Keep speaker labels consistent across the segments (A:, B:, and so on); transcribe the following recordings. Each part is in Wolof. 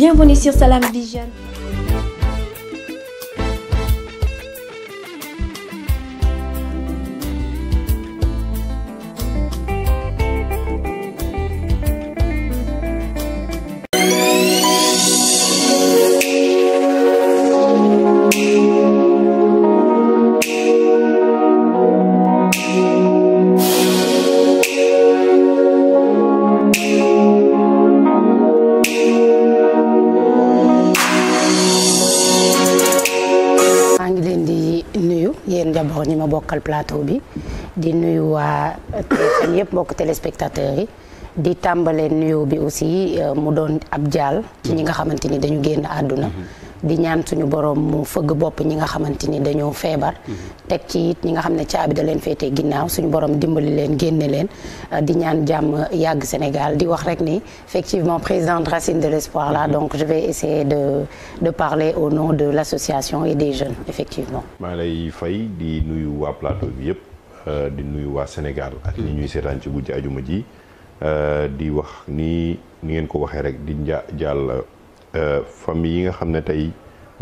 A: ni Bienvenue sur di Vision.
B: bokkal plateau bi di nuyu waa TFM yëpp mbokk téléspectateurs yi di tàmbalee nuyoo bi aussi euh, mu doon ab jaal ci ñi nga xamante ni dañu génn àdduna di ñaan suñu borom mu fëgg bopp ñi nga xamante ni dañoo feebar. teg ci it ñi nga xam ne caabi da leen féetee ginnaaw suñu borom dimbali leen génne leen di ñaan jàmm yàgg Sénégal di wax rek ni effectivement présidente racine de l'espoir là donc je vais de de parler au nom de l'association et des jeunes effectivement.
C: maa lay fay di nuyu waa plateau bi yëpp. Euh, di nuyu waa Sénégal ak ñi ñuy seetaan ci guddi ajuma ji euh, di wax ni ni ngeen ko waxee rek di nja jàll Euh, famille yi nga xam ne tey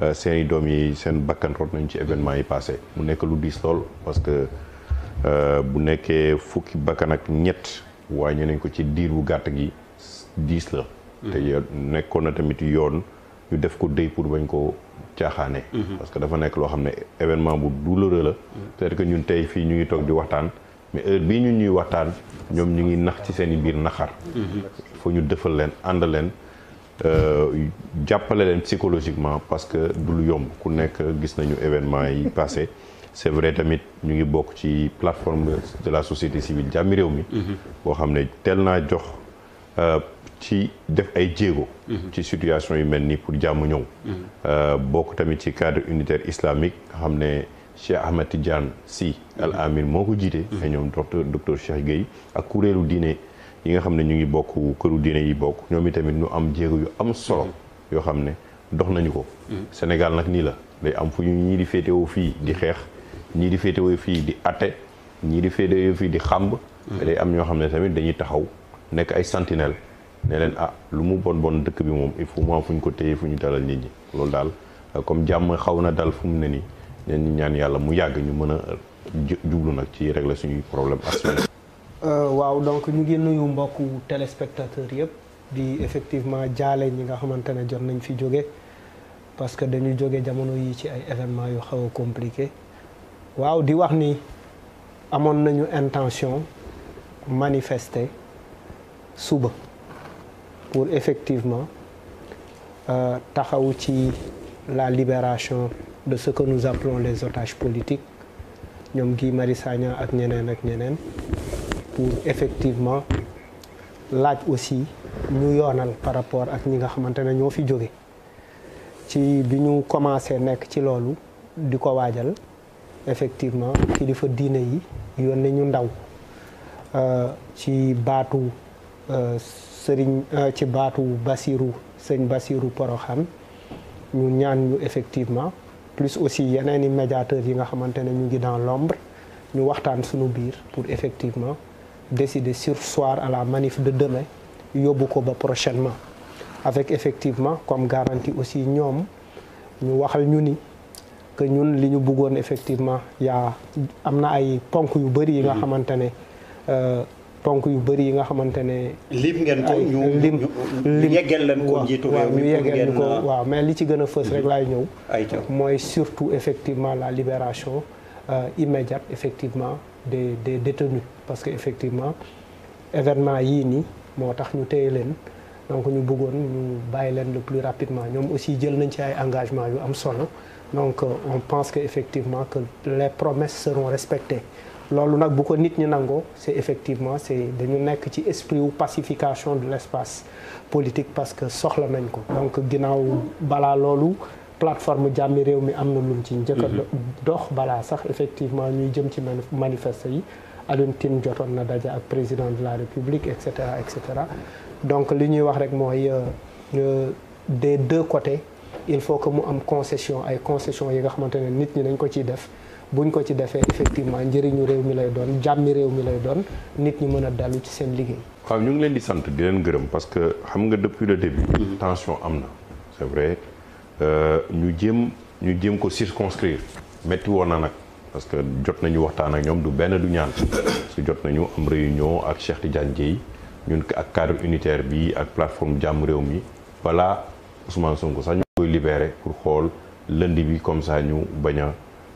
C: euh, seen i doom yi seen bakkan rot nañ ci événement yi passé mu nekk lu diis lool parce que euh, bu nekkee fukki bakkan ak ñett wàññi nañ ko ci diir bu gàtt gi diis la mm-hmm. te nekkoon na tamit yoon ñu def ko dëy pour bañ ko caaxaane mm-hmm. parce que dafa nekk loo xam ne événement bu douloureux la mm-hmm. cest que ñun tey fii ñu ngi toog di waxtaan mais heure bii ñun ñuy waxtaan ñoom ñu ngi nax ci seen i biir naxar
D: il
C: ñu defal leen ànd leen Euh, jàppale leen psychologiquement parce que du lu yomb ku nekk gis nañu événement yi passé c'est vrai tamit ñu ngi bokk ci plateforme de la société civile jàmmi réew mi mm-hmm. boo xam ne teel naa jox euh, ci def ay jéego mm-hmm. ci situation yu mel nii pour jàmm ñëw mm-hmm. euh, bokk tamit ci cadre unitaire islamique nga xam ne Cheikh Ahmed Tidiane si Al Amin moo ko jiite. ñoom docteur docteur Cheikh Gueye ak kuréelu diine yi nga xam ne ñu ngi bokk këru diine yi bokk ñoom itamit ñu am jéego yu am solo mm-hmm. yoo xam ne dox nañu ko mm-hmm. Sénégal nag nii la day am fu ñu ñii di féetewoo fii di xeex ñii di féetewoo fii di atte ñii di féetewoo fii di xàmb mm-hmm. day am ñoo xam ne tamit dañuy taxaw nekk ay sentinelle ne leen ah lu mu bon bon dëkk bi moom il faut mu fu ñu ko téye fu ñu dalal nit ñi loolu daal comme jàmm xaw na dal fu mu ne nii ñaan yàlla mu yàgg ñu mën a jublu nag ci régler suñuy problème
A: Euh, waaw donc ñu ngi nuyu mbokku téléspectateurs yëpp di effectivement jaale ñi nga xamante ne jot nañ fi jóge parce que dañu jóge jamono yi ci ay événements yu xaw a compliqué waaw di wax ni amoon nañu intention manifeste suba pour effectivement euh, taxaw ci la libération de ce que nous appelons les otages politiques ñoom Guy Marius Sagna ak ñeneen ak ñeneen pour effectivement laaj aussi ñu yoonal par rapport ak ñi nga xamante ne ñoo fi jóge ci bi ñu commencé nekk ci loolu di ko waajal effectivement kilifa diine yi yónnee ñu ndaw euh, ci baatu euh, sëriñ euh, ci baatu Basiru sëñ Basiru Poroxaan ñu ñaan ñu effectivement plus aussi yeneen i médiateurs yi nga xamante ne ñu ngi dans l'ombre ñu waxtaan sunu biir pour effectivement décider sursoir à la manif de demain yóbbu ko ba prochainement avec effectivement comme garantie aussi ñoom ñu waxal ñu ni que ñun li ñu buggoon effectivement yaa am na ay ponk yu bëri yi nga mm-hmm. xamante ne euh, ponk yu bëri yi nga xamante ne. ngeen ko ñu lim lim leen ko njiitu réew mi ko waaw mais li ci gën a fës rek mm-hmm. laay ñëw. mooy surtout effectivement la libération euh, immédiate effectivement. des des détenus parce que effectivement événement yii nii moo tax ñu téye leen donc ñu buggoon ñu bàyyi leen le plus rapidement ñoom aussi jël nañ ci ay engagement yu am solo donc euh, on pense que effectivement que les promesses seron respectées loolu nag bu ko nit ñi nangoo c' est effectivement c' est dañu nekk ci esprit wu pacification de l' espace politique parce que soxla nañ ko donc ginnaaw balaa loolu plateforme jàmmi réew mi am na lum ci njëkk a mhm. dox balaa sax effectivement ñuy jëm ci manifeste yi Alioune Tine jotoon na daje ak président de la République et cetera et cetera donc li ñuy wax rek mooy euh, euh, de deux côtés il faut que mu am concession ay concession yi nga xamante ne nit ñi dañ ko ciy def bu ñu ko ci defee effectivement njëriñu réew mi lay doon jàmmi réew mi lay doon nit ñi mën a dalu ci seen liggéey.
C: waaw ñu ngi leen di sant di leen gërëm parce que xam nga depuis le début. Mhm. tension am na Euh, ñu jëm ñu jëm ko circonscrire métti woon na nag parce que jot nañu waxtaan ak ñoom du benn du ñaan parce jot nañu am réunion ak Cheikh Tidiane Dièye ñun ak cadre unitaire bi ak plateforme jàmm réew mi balaa Ousmane Sonko sax ñu koy pour xool lundi bi comme ça bañ a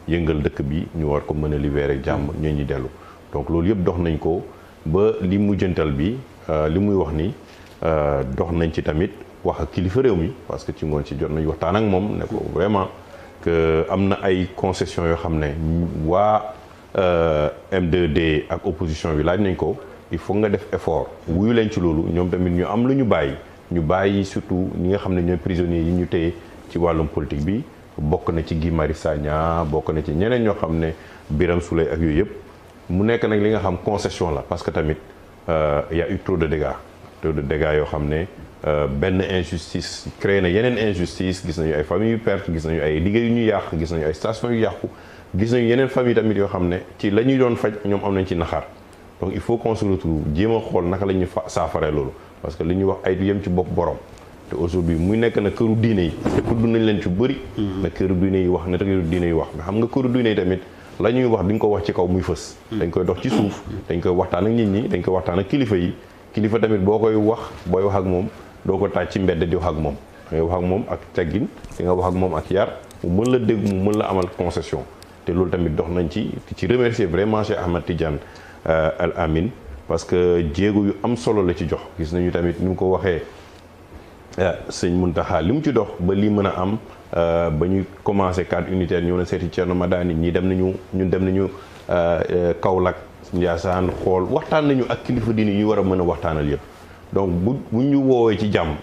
C: yëngal dëkk bi ñu war ko mën a libéré jàmm ñu ñi dellu donc loolu yëpp dox nañ ko ba li mujjantal bi euh, li muy wax ni euh, dox nañ ci tamit wax ak kilifa réew mi parce que ci ngoon ci jot nañu waxtaan ak moom ne ko vraiment que am na ay concessions yoo xam ne waa euh, m d ak opposition bi laaj nañ ko il faut nga def effort wuyu leen ci loolu ñoom tamit ñu am lu ñu bàyyi ñu bàyyi surtout ñi nga xam ne ñooy prisonniers yi ñu téye ci wàllum politique bi bokk na ci Guy Marius bokk na ci ñeneen ñoo xam ne biram Souleye ak yooyu yëpp mu nekk nag li nga xam concession la parce que tamit euh, y a eu trop de dégâts taux de yoo xam ne euh, benn injustice créé na yeneen injustice gis nañu ay famille yu perte gis nañu ay liggéey yu ñu yàq gis nañu ay station yu yàqu gis nañu yeneen famille tamit yoo xam ne ci la ñuy doon faj ñoom am nañ ci naxaar donc il faut qu'on se retrouve jéem a xool naka la ñuy fa saafara loolu parce que li ñuy wax ay yem ci bopp borom te aujourd'hui muy nekk na këru diine yi te tudd nañ leen ci bëri mm-hmm. na këru diine yi wax na këru diine yi wax mais xam nga këru diine yi tamit la ñuy wax duñ ko wax ci kaw muy fës mm-hmm. dañ koy dox ci suuf dañ koy waxtaan ak nit ñi dañ koy waxtaan ak kilifa yi kilifa tamit boo koy wax booy wax ak moom doo ko tànc ci mbedd di wax ak moom da ngay wax ak moom ak teggin di nga wax ak moom ak yar mu mën la dégg mu mën la amal concession te loolu tamit dox nañ ci ci remercier vraiment Cheikh Ahmad Tidiane euh, Al Amin parce que jéego yu am solo la ci jox gis nañu tamit ni mu ko waxee euh, sëñ Muntaxa li mu ci dox ba lii mën a am euh, ba ñu commencé cadre unitaire ñëw na seeti Thierno nit ñii dem nañu ñun dem nañu Kaolack Ndiassane xool waxtaan nañu ak kilifa diine ñu war a mën a waxtaanal yëpp donc bu bu ñu woowee ci jàmm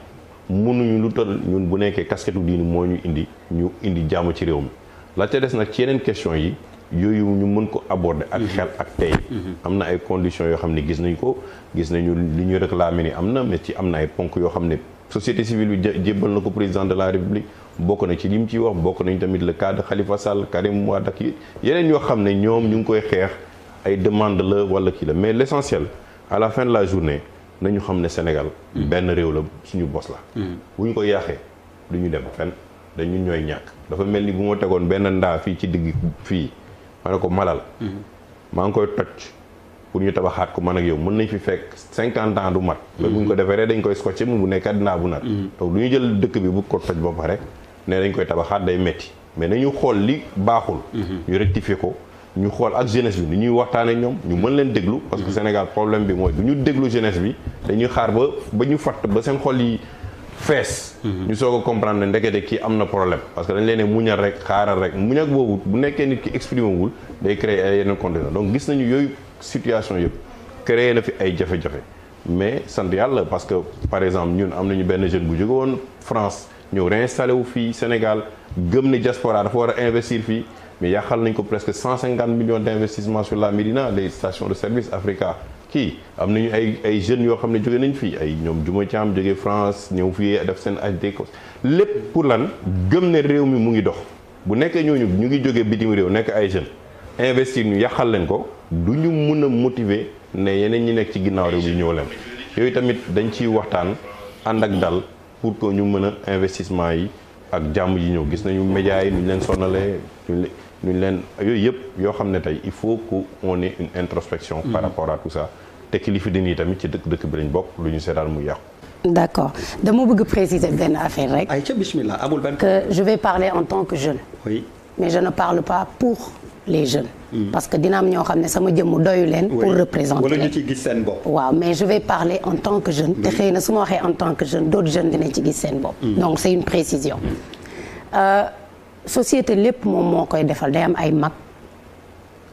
C: mënuñu lu toll ñun bu nekkee kasketu diine moo ñu indi ñu indi jàmm ci réew mi la ca des nag ci yeneen question yi yooyu ñu mën ko aborder ak mhm. xel ak tey mhm. am na ay conditions yoo xam ne gis nañ ko gis nañu lu ñu réclamé ni am na mais ci am na ay ponk yoo xam ne société civile bi jébbal na ko président de la république bokk na ci li ci ciy wax bokk nañ tamit le cas de Khalifa Sall Karim Wade ak yeneen yoo xam ne ñoom ñu ngi koy xeex ay demande la wala kii la mais l' essentiel à la fin de la journée nañu xam ne Sénégal mm. benn réew la suñu bos la mm. bu ñu ko yaaxee du ñu dem fenn dañu ñooy ñàkk dafa mel ni bu ma tegoon benn ndaa fii ci digg fii ma ne ko malal mm-hmm. maa ngi koy toj pour ñu tabaxaat ko man ak yow mën nañ fi fekk cinquante ans du mat mm-hmm. mais bu ñu ko defee dañ koy scotché mu bu nekkat ndaa bu nat mm-hmm. donc du ñu jël dëkk bi bu ko toj ba pare ne dañ koy tabaxaat day metti mais nañu xool li baaxul ñu rectifier ko ñu xool ak jeunesse bi ni ñuy waxtaanee ñoom ñu mën leen déglu parce que Sénégal problème bi mooy bu ñu déglu jeunesse bi dañuy xaar ba ba ñu fatt ba seen xol yi fees mhm. ñu soo a comprendre ndekete kii am na problème parce que dañ leen ne muñal rek xaaral rek muñ ak boobu bu nekkee nit ki exprimé wul day créer ay yeneen conditions donc gis nañu yooyu situation yëpp créer na fi ay jafe-jafe mais sant yàlla parce que par exemple ñun am nañu benn jeune bu jóge woon France ñëw réinstallé wu fii Sénégal gëm ne diaspora dafa war a investir fii mais yàqal nañ ko presque 150 millions d' investissement sur la Médina les stations de service Africa kii am nañu ay ay jeunes yoo xam ne jóge nañ fii ay ñoom Juma Thiam jóge France ñëw fii def seen HD ko lépp pour lan gëm ne réew mi mu ngi dox bu nekkee ñooñu ñu ngi jóge bitim réew nekk ay jeunes investir ñu yàqal leen ko du ñu mun a motiver ne yeneen ñi nekk ci ginnaaw réew mi ñëw leen yooyu tamit dañ ciy waxtaan ànd ak dal pour que ñu mën a investissement yi ak jàmm ji ñëw gis nañu médias yi ñu leen sonalee duñ leen yooyu yëpp yoo xam ne tey il faut que on ait une introspection par mhm. rapport à tout ça te kilifa diine yi tamit ci dëkk dëkk bi lañ bokk lu ñu seetaan mu yàqu
B: d'accord dama bëgg préciser benn affaire rek ay ca bismillah amul benn que je vais parler en tant que jeune oui mais je ne parle pas pour les jeunes mhm. parce que dina am ñoo xam ne sama jëmm doyu leen pour représenter wala ñu gis seen bopp waaw mais je vais parler en tant que jeune te xëy na su ma waxee en tant que jeune d'autres jeunes dinañ ci gis seen bopp mhm. donc c'est une précision euh, societé lépp moom moo koy defal day am ay mag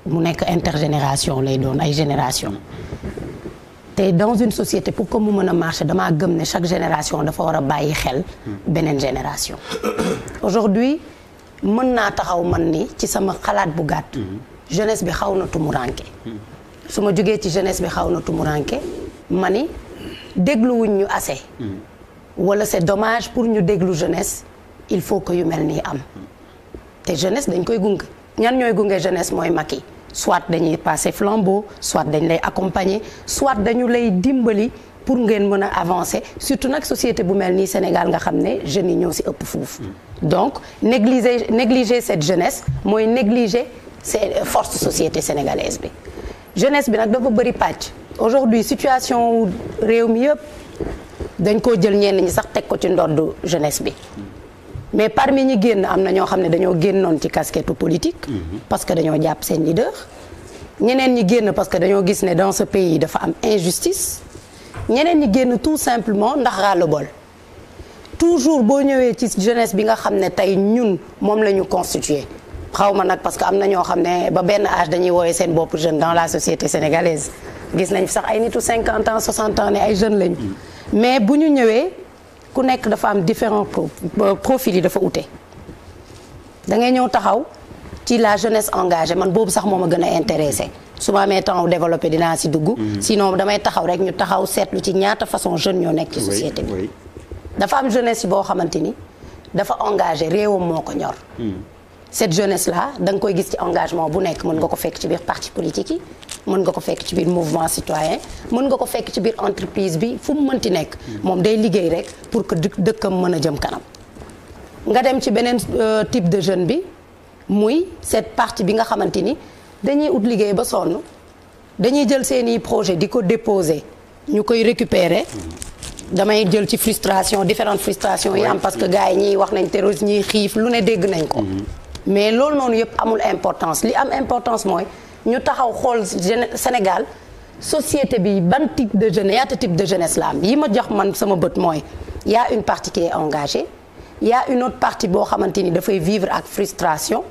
B: mu nekk intergénération lay doon ay génération te dans une société pour que mu mën a marcher damaa gëm ne chaque génération dafa war a bàyyi xel beneen génération aujourd'hui mën naa taxaw man ni ci sama xalaat bu gàtt jeunesse bi xaw na tumuranke su ma jógee ci jeunesse bi xaw na tumuranke mani dégluwuñ ñu assez hmm. wala c'est dommage pour ñu déglu jeunesse il faut que yu mel nii am te jeunesse dañ koy gunge ñan ñooy gunge jeunesse mooy mag yi soit dañuy passer flambeau soit dañ lay accompagner soit dañu lay dimbali pour ngeen mën a avancer surtout nag société bu mel nii Sénégal nga xam ne jeunes yi ñoo si ëpp foofu. Hmm. donc négliger négliger cette jeunesse mooy négliger ces force société sénégalaise bi jeunesse bi nag dafa bëri pàcc. aujourd'hui situation réew mi yëpp dañ koo jël ñenn ñi sax teg ko ci ndoddu jeunesse bi. mais parmi ñi génn am na ñoo xam ne dañoo génnoon ci casquette politique. Mhm. parce que dañoo jàpp seen leader. ñeneen ñi génn parce que dañoo gis ne dans ce pays dafa am injustice. ñeneen ñi génn tout simplement ndax ras-le-bol toujours boo ñëwee ci jeunesse bi nga xam ne tey ñun moom la ñu constitué xaw ma nag parce que am na ñoo xam ne ba benn âge dañuy woowee seen boppu jeune dans la société sénégalaise gis nañ fi sax ay nitu 50 ans 60 ans ne ay jeunes lañu mhm. mais bu ñu ñëwee. ku nekk dafa am différent euh, profils yi dafa ute da ngay ñëw taxaw ci la jeunesse engagée man boobu sax moo ma gën a intéressé su ma amee temps développé dinaa si dugg. Mhm. sinon damay taxaw rek ñu taxaw seetlu ci ñaata façon jeune ñoo nekk ci société bi. dafa am jeunesse boo xamante ni dafa engagé réewam moo ko ñor. Mhm. cette jeunesse là danga koy gis ci engagement bu nekk mën nga ko fekk ci biir parti politique yi mën nga ko fekk ci biir mouvement citoyen mën nga ko fekk ci biir entreprise bi fu mu mënti nekk moom day liggéey rek pour que dëkkam mën a jëm kanam nga dem ci beneen euh, type de jeune bi muy cette partie bi nga xamante ni dañuy ut liggéey ba sonn dañuy jël seeni projet di ko déposer ñu koy récupérer damay jël ci frustration différentes frustrations yi am parce que gars yi ñiy wax nañ terrorisme ñiy xiif lu ne dégg nañ ko mm-hmm. mais loolu noonu yëpp amul importance li am importance mooy ñu taxaw xool Sénégal société bi ban type de jeune yaata type de jeunesse la am yi ma jox man sama bët mooy y une partie qui est engagée y une autre partie boo xamante ni dafay vivre ak frustration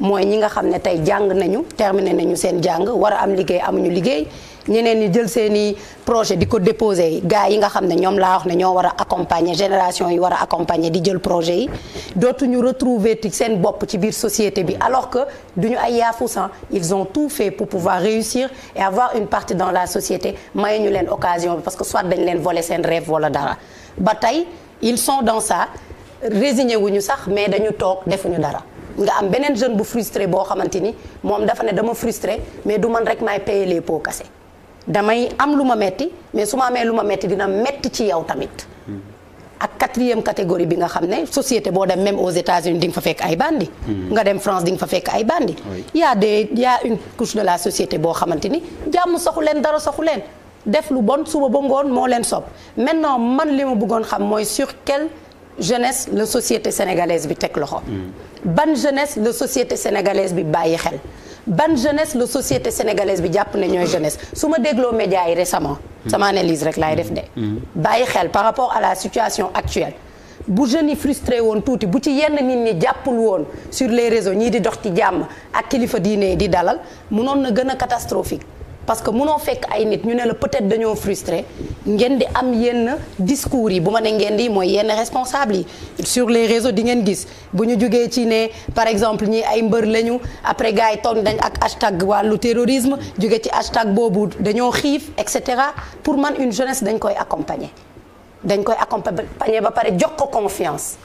B: mooy ñi nga xam ne tey jàng nañu terminé nañu seen jàng war a am liggéey amuñu liggéey ñeneen ñi jël seen i projet di ko déposé gars yi nga xam ne ñoom laa wax ne ñoo war a accompagner génération yi war a accompagner di jël projet yi dootuñu retrouver ci seen bopp ci biir société bi alors que du ñu ay yaafusan ils ont tout fait pour pouvoir réussir et avoir une partie dans la société maye ñu leen occasion bi parce que soit dañ leen voler seen rêve wala dara ba tey ils sont dans ça résigné wuñu sax mais dañu toog defuñu dara nga am beneen jeune bu frustré boo xamante ni moom dafa ne dama frustré mais du man rek maay payer les pots cassés damay am lu ma metti mais su ma amee lu ma metti dina metti ci yow tamit hmm. ak quatrième catégorie bi nga xam ne société boo dem même aux États-Unis di nga fa fekk ay bandi hmm. nga dem France di nga fa fekk ay bandi y a des une couche de la société boo xamante ni jàmm soxu leen dara soxu leen def lu bon suba ba ngoon moo leen sopp maintenant man li ma bëggoon xam mooy sur quelle jeunesse la société sénégalaise bi teg loxo hmm. ban jeunesse la société sénégalaise bi bàyyi xel ban jeunesse la société sénégalaise bi jàpp ne ñooy jeunesse su ma dégloo médias yi récemment. sama hmm. analyse rek laay def de. Hmm. bàyyi xel par rapport à la situation actuelle. bu jeunes yi frustré woon tuuti bu ci yenn nit ñi jàppul woon sur les réseaux ñii di dox ci jàmm ak kilifa diine di dalal munoon na gën a catastrophique. parce que munoo fekk ay nit ñu ne la peut-être dañoo frustré ngeen di am yenn discours yi bu ma ne ngeen di mooy yenn responsable yi sur les réseaux di ngeen gis bu ñu jugee ci ne par exemple ñi ay mbër lañu après gars yi toog dañ ak hashtag wàllu terrorisme jóge ci hashtag boobu dañoo xiif et cetera pour man une jeunesse dañ koy accompagner dañ koy accompagner ba pare jox ko confiance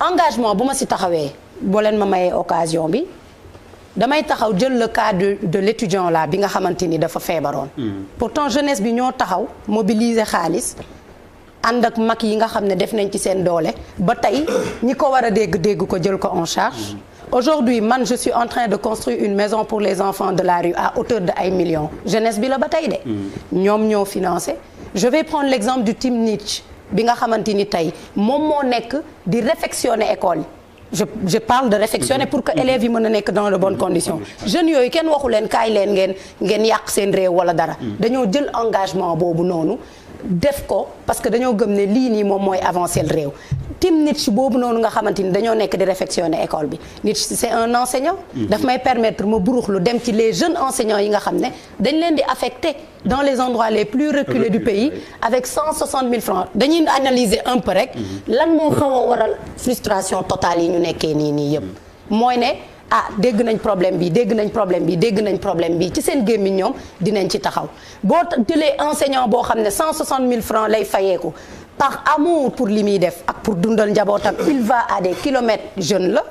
B: engagement bu ma si taxawee boo leen ma mayee occasion bi damay taxaw jël le cas de de l' là bi nga xamante ni dafa feebaroon. Hmm. pourtant jeunesse bi ñoo taxaw mobiliser xaalis ànd ak mag yi nga xam ne def nañ ci seen doole ba tey ñi ko war a dégg dégg ko jël ko en charge. Hmm. aujourd'hui man je suis en train de construire une maison pour les enfants de la rue à hauteur de ay millions jeunesse bi la ba tey de. Hmm. ñoom ñoo financé je vais prendre l' exemple du Team Nietzsche bi nga xamante ni tey moom moo nekk di réfectionner école yi. je je parle de réfectionner pour que élèves yi mën a nekk dans de bonnes conditions jeunes yooyu kenn waxu leen kaay leen ngeen ngeen yàq seen réew wala dara mm. dañoo jël engagement boobu noonu def ko parce que dañoo gëm ne lii nii moom mooy avancer le réew tim nit si boobu noonu nga xamante ni dañoo nekk di réfectionner école bi nit si c'est un enseignant mm-hmm. daf may permettre ma lu dem ci les jeunes enseignants yi nga xam ne dañ leen di affecté dans les endroits les plus reculés du pays avec cent soixante mille francs dañuy analyser un peu rek mm-hmm. lan moo xaw waral frustration totale yi ñu nekkee nii nii yëpp mooy ne ah dégg nañ problème bi dégg nañ problème bi dégg nañ problème bi ci seen gémmiñ ñoom dinañ ci taxaw boo jëlee enseignant boo xam ne 160 000 francs lay fayeeku par amour pour li muy def ak pour dundal njabootam il va à des kilomètres jeune la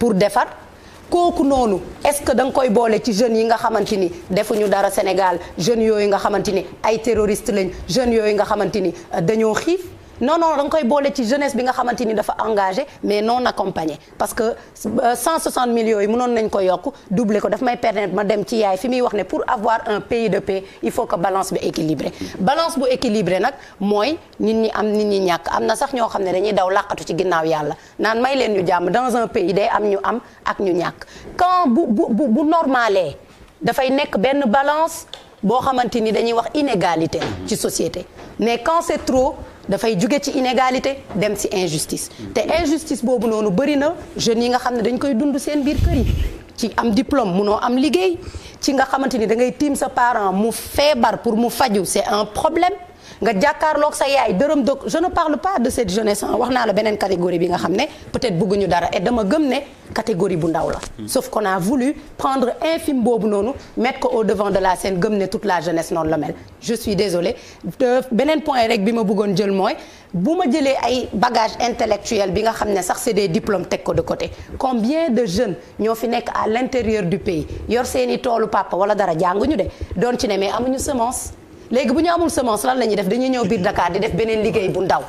B: pour defar kooku noonu est-ce que da nga koy boole ci jeunes yi nga xamante ni defuñu dara Sénégal jeunes yooyu nga xamante ni ay terroristes lañ jeunes yooyu nga xamante ni euh, dañoo xii non non nga koy boole ci jeunesse bi nga xamante ni dafa engagé mais non accompagné parce que 160 euh, millions yi mënoon nañ ko yokk doubler ko daf may permettre ma dem ci yaay fi muy wax ne pour avoir un pays de paix il faut que balance bi équilibré balance bu équilibré nag mooy nit ñi am nit ñi ñàkk am na sax ñoo xam ne dañuy daw làqatu ci ginnaaw yàlla naan may leen ñu jàmm dans un pays day am ñu am ak ñu ñàkk quand bu bu bu normalee dafay nekk benn balance boo xamante ni dañuy wax inégalité ci société mais quand c'est dafay jóge ci inégalité dem ci injustice te injustice boobu noonu bëri na jeunes yi nga xam ne dañ koy dund seen biir kër yi ci am diplôme munoo am liggéey ci nga xamante ni da ngay tiim sa parent mu feebar pour mu faju c'est un problème nga jàkkaarloog sa yaay dërëm dëkk je ne parle pas de cette jeunesse wax naa la beneen catégorie bi nga xam ne peut-être bëgguñu dara et dama gëm ne catégorie bu ndaw la. Hmm. sauf qu'on a voulu prendre un film boobu noonu mettre ko au devant de la scène gëm ne toute la jeunesse noonu la mel je suis désolée beneen point rek bi ma bëggoon jël mooy bu ma jëlee ay bagage intellectuel bi nga xam ne sax c'est des diplômes teg ko de côté combien de jeunes ñoo fi nekk à l'intérieur du yor seeni toolu papa wala dara jànguñu de doon ci ne mais amuñu semence. léegi bu ñu amul semence lan la ñuy def dañuy ñëw biir Dakar di def beneen liggéey bu ndaw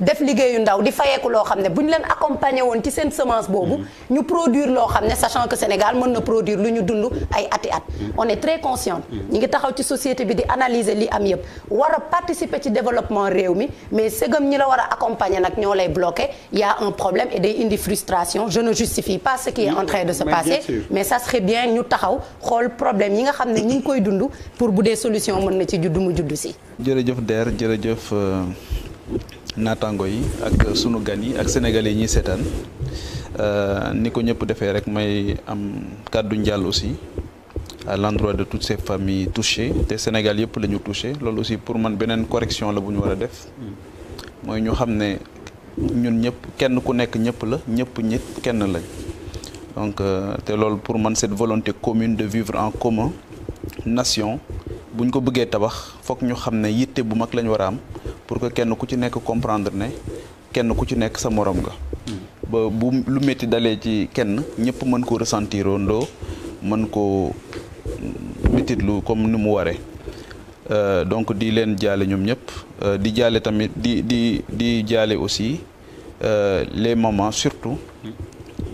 B: def liggéeyu ndaw di fayeeku loo xam ne bu ñu leen accompagner woon ci seen semence boobu ñu produire loo xam ne sachant que Sénégal mën na produire lu ñu dund ay ati at on est très conscient ñi ngi taxaw ci société bi di analyser li am yëpp war a participer ci développement réew mi mais segam ñi la war a accompagner nag ñoo lay bloqué y a un problème et day indi frustration je ne justifie pas ce qui est en de se passer mais ça serait bien ñu taxaw xool problème yi nga xam ne ñi ngi koy dund pour bu dee solution mën na ci juddu mu si
E: jërëjëf Der jërëjëf euh, naataango yi ak sunu gan yi ak sénégal yi ñuy seetaan euh, ni ko ñëpp defee rek may am kàddu njàll aussi à l'endroit de tout ces familles touchées te Sénégal yëpp lañu ñu touché loolu aussi pour man beneen correction la bu ñu war a def mooy ñu xam ne ñun ñëpp kenn ku nekk ñëpp la ñëpp ñëpp kenn lañ donc euh, te loolu pour man cette volonté commune de vivre en commun nation buñ ko bëggee tabax foog ñu xam ne yitte bu mag lañ war a am pour que kenn ku ci nekk comprendre ne kenn ku ci nekk sa morom nga. ba bu lu métti dalee ci kenn ñëpp mën ko ressentir ndoo mën ko métitlu comme ni mu waree. Euh, donc di leen jaale ñoom ñëpp euh, di jaale tamit di di di jaale aussi euh, les moments surtout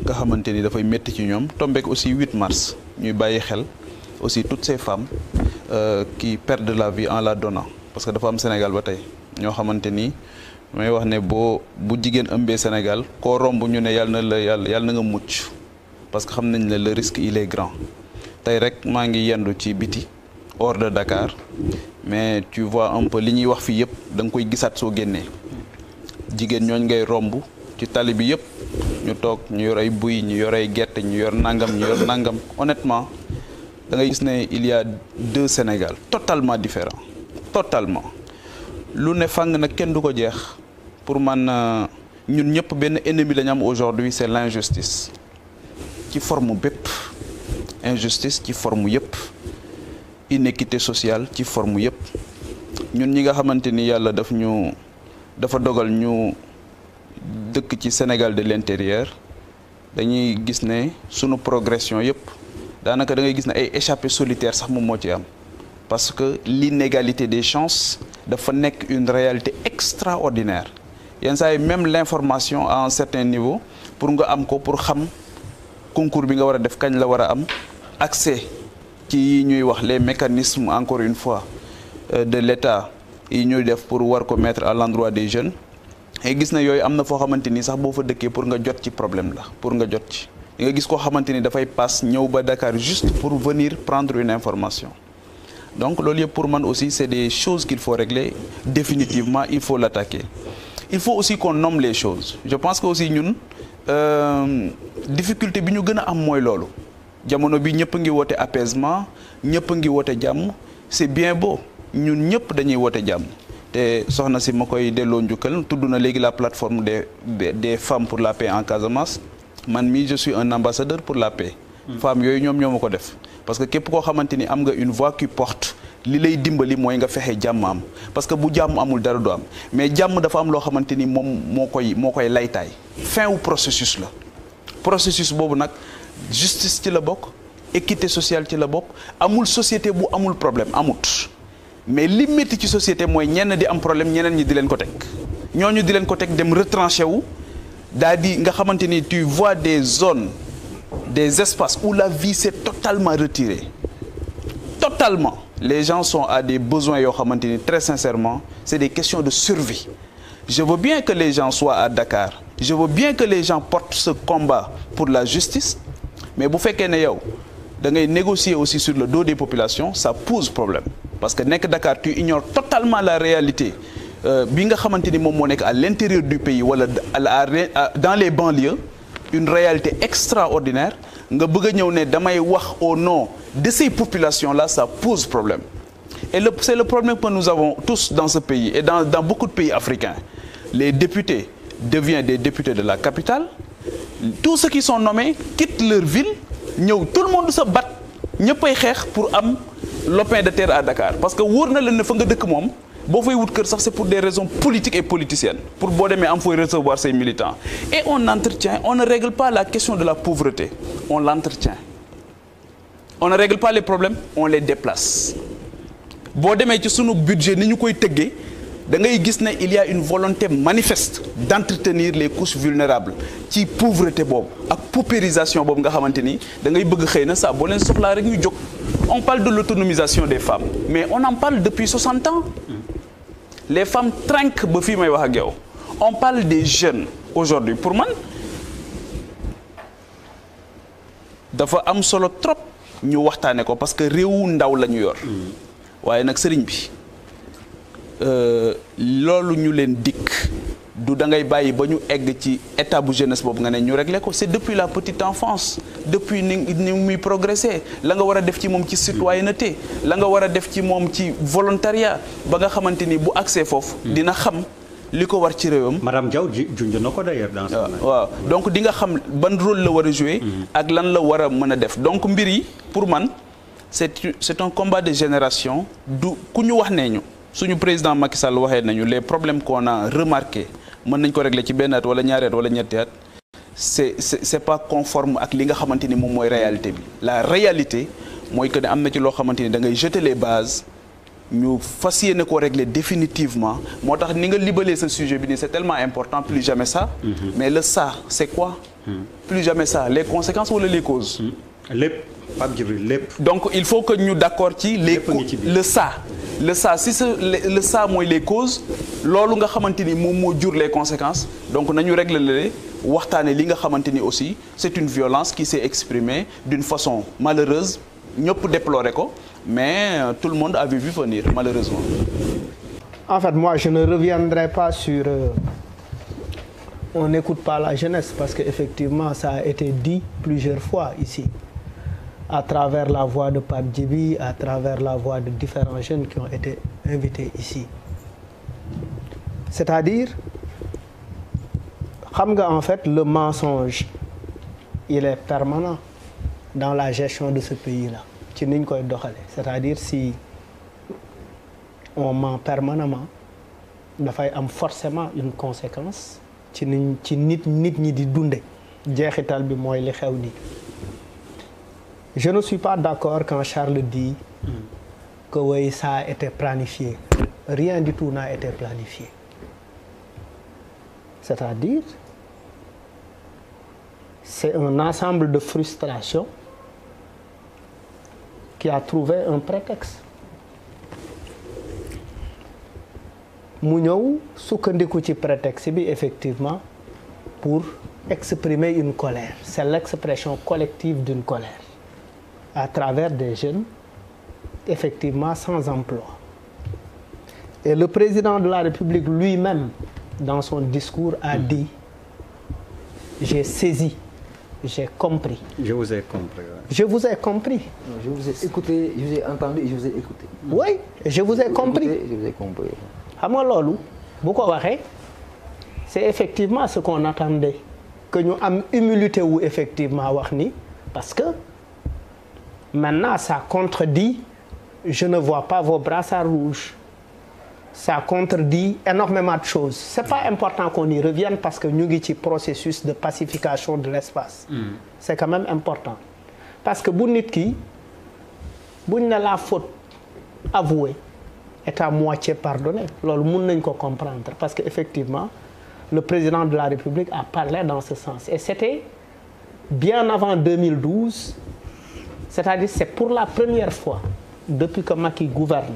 E: nga xamante ni dafay métti ci ñoom tombeek aussi 8 mars ñuy bàyyi xel aussi tout ces femmes. Euh, qui perdent la vie en la donnant parce que dafa am Sénégal ba tey ñoo xamante ni may wax ne boo bu jigéen ëmbee Sénégal koo romb ñu ne yàlla na la yàlla yàlla na nga mucc parce que xam nañ ne le risque il est grand tey rek maa ngi yendu ci biti hors de Dakar mais tu vois un peu li ñuy wax fii yëpp da nga koy gisaat soo génnee jigéen ñooñ ngay romb ci tali bi yëpp ñu toog ñu yor ay buy ñu yor ay gerte ñu yor nangam ñu yor nangam honnêtement dangay gis ne il y deux Sénégal totalement différents totalement lu ne fànn nag kenn du ko jeex pour man euh, ñun ñëpp benn ennemi la am aujourd'hui c'est l'injustice ci forme bépp injustice ci forme yëpp inéquité sociale ci forme yëpp ñun ñi nga xamante ni yàlla daf ñu dafa dogal ñu dëkk ci Sénégal de l'intérieur dañuy gis ne sunu progression yëpp daanaka da ngay gis ne ay échappée solitaire sax moom moo ci am parce que l'inégalité des chances dafa nekk une réalité extraordinaire yenn saa yi même l'information à un certain niveau pour nga am ko pour xam concours bi nga war a def kañ la war a am accès ci yi ñuy wax les mécanismes encore une fois euh, de l'État yi ñuy def pour war ko mettre à l'endroit des jeunes et gis na yooyu am na foo xamante ni sax boo fa dëkkee pour nga jot ci problème la pour nga jot ci di nga gis koo xamante ni dafay paas ñëw ba Dakar juste pour venir prendre une information donc loolu yëpp pour man aussi c'est des choses qu'il faut régler définitivement il faut l'attaquer il faut aussi qu'on nomme les choses je pense que aussi ñun euh, difficulté bi ñu gën a am mooy loolu jamono bi ñëpp ngi woote apaisement ñëpp ngi woote jàmm c'est bien beau ñun ñëpp dañuy woote jàmm te soxna si ma koy delloo njukkal tudd na léegi la plateforme des des femmes pour la paix en Casamance man mii je suis un ambassadeur pour la paix. femme yooyu ñoom ñoo ko def parce que képp koo xamante ni am nga une voix qui porte li lay dimbali mooy nga fexe jàmm am parce que bu jàmm amul dara du am mais jàmm dafa am loo xamante ni moom moo koy moo koy laytaay fin wu processus la processus boobu nag justice ci la bokk équité sociale ci la bokk amul société bu amul problème amut mais li métti ci société mooy ñenn di am problème ñeneen ñi di leen ko teg ñooñu di leen ko teg dem retranché wu daal di nga xamante ni tu vois des zones des espaces où la vie s'est totalement retirée totalement les gens sont à des besoins yoo xamante ni très sincèrement c'est des questions de survie je veux bien que les gens soient à Dakar je veux bien que les gens portent ce combat pour la justice mais bu fekkee ne yow da ngay négocier aussi sur le dos des populations ça pose problème parce que nekk Dakar tu ignores totalement la réalité Euh, bi nga xamante ni moom moo nekk à l'intérieur du pays wala dans les banlieues une réalité extraordinaire nga bëgg a ñëw ne damay wax au non de ces populations là ça pose problème et le c'est le problème que nous avons tous dans ce pays et dans dans beaucoup de pays africains les députés deviennent des députés de la capitale tous ceux qui sont nommés quittent leur ville ñëw tout le monde sa bat ñëppay xeex pour am lopin de terre à Dakar parce que wóor na leen ne fa nga dëkk moom boo fay wut kër sax c'est pour des raisons politiques et politiciennes pour boo demee am fooy recevoir ses militants et on entretient on ne règle pas la question de la pauvreté on l'entretient on ne règle pas les problèmes on les déplace boo demee ci sunu budget ni ñu koy tëggee da ngay gis ne il y a une volonté manifeste d'entretenir les couches vulnérables ci pouvreté boobu ak poupérisation boobu nga xamante ni dangay bëgg xëy na saa boo leen soxlaa rek ñu jóg on parle de l'autonomisation des femmes mais on en parle depuis 60 ans les femmes trinquent ba fii may wax a yow on parle des jeunes aujourd'hui pour man dafa am solo trop ñu waxtaane ko parce que réewu ndaw la ñu yor mm. waaye nag sëriñ bi Euh, loolu ñu leen dikk du da ngay bàyyi ba ñu egg ci état bu jeunesse boobu nga ne ñu réglé ko c' est depuis la petite enfance depuis ni ni muy progressé la nga war a def ci moom ci citoyenneté la nga war a def ci moom ci volontariat ba nga xamante ni bu accès foofu. Hmm. dina xam li ko war ci réewam. madame Diaw junj na ko d'ailleurs dans ah, waaw donc di nga xam ban role la war a jouer. Hmm. ak lan la war a mën a def donc mbir yi pour man c' est est un combat de génération du ku ñu wax nee ñu. suñu président Macky Sall waxee nañu les problème qu'on a remarqué mën nañ ko régler ci benn at wala ñaari at wala ñetti at c'est c'est pas conforme ak li nga xamante ni moom mooy réalité bi la réalité mooy que ne am na ci loo xamante ni da ngay jeter les bases ñu fas yéene koo régler définitivement moo tax ni nga libalee sa sujet bi nii c'est tellement important plus jamais ça mm-hmm. mais le ça c'est quoi mm-hmm. plus jamais ça les conséquences wala les causes mm-hmm. lépp Pape Djibril lépp. donc il faut que ñu d' accord ci les le sa le ça si sa le ça mooy les causes loolu nga xamante ni moom moo jur les conséquences donc nañu régler leen waxtaane li nga xamante ni aussi c' est une violence qui s' est exprimée d' façon malheureuse ñëpp déploré ko mais euh, tout le monde avait vu venir malheureusement.
A: en fait moi je ne reviendrai pas sur euh, on n'écoute pas la jeunesse parce que effectivement ça a été dit plusieurs fois ici. à travers la voix de Pape Djibi, à travers la voix de différents jeunes qui ont été invités ici. C'est-à-dire, en fait, le mensonge, il est permanent dans la gestion de ce pays-là. C'est-à-dire, si on ment permanemment, il am forcément une conséquence ci nit nit ñi di dundee jeexital bi mooy li xew nii je ne suis pas d'accord quand Charles dit mm. que oui, ça a été planifié. Rien du tout n'a été planifié. C'est-à-dire, c'est un ensemble de frustrations qui a trouvé un prétexte. mu ñëw sukkandiku ci prétexte bi effectivement pour exprimer une colère c'est l'expression collective d'une colère à travers des jeunes, effectivement sans emploi. Et le président de la République lui-même, dans son discours, a mmh. dit, j'ai saisi, j'ai compris.
D: Je vous ai compris. Ouais.
A: Je vous ai compris. Non, je vous ai écouté, je vous ai entendu, je vous ai écouté. Oui, je vous ai je compris. Écouté, je vous ai compris. xam nga loolu bu ko waxee c'est effectivement ce qu'on attendait que ñu am humilité wu effectivement wax ni parce que Maintenant, ça contredit, je ne vois pas vos brassards rouges. Ça contredit énormément de choses. Ce pas important qu'on y revienne parce que nous avons processus de pacification de l'espace. Mm. C'est quand même important. Parce que si nous avons la faute avouée, est à moitié pardonné. Alors, nous pouvons comprendre. Parce que effectivement le président de la République a parlé dans ce sens. Et c'était bien avant 2012, c'est-à-dire c'est pour la première fois depuis que Macky gouverne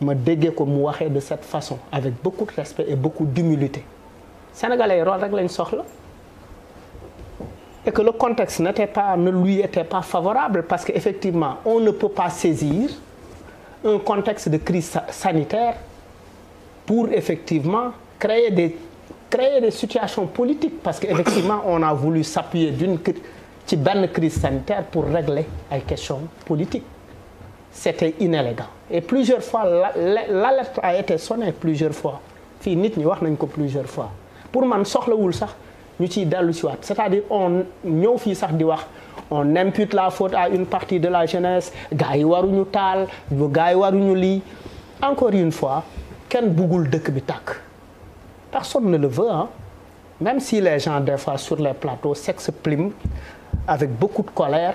A: ma déggee ko mu waxee de cette façon avec beaucoup de respect et beaucoup d'humilité sénégalais yi loolu rek lañ soxla et que le contexte n'était pas ne lui était pas favorable parce que effectivement on ne peut pas saisir un contexte de crise sanitaire pour effectivement créer des créer des situations politiques parce que effectivement on a voulu s'appuyer d'une ci benn crise sanitaire pour régler ay questions politiques c'était inélégant et plusieurs fois l'alerte a été sonnée plusieurs fois fii nit ñi wax nañ ko plusieurs fois pour man soxlawul sax ñu ciy dellu si waat c'est-à-dire on ñëw fii sax di wax on impute la faute à une partie de la jeunesse gars yi waruñu taal gars yi waruñu lii encore une fois kenn buggul dëkk bi tàkk personne ne le veu hein même si les gens des fois sur les plateaux s'expriment avec beaucoup de colère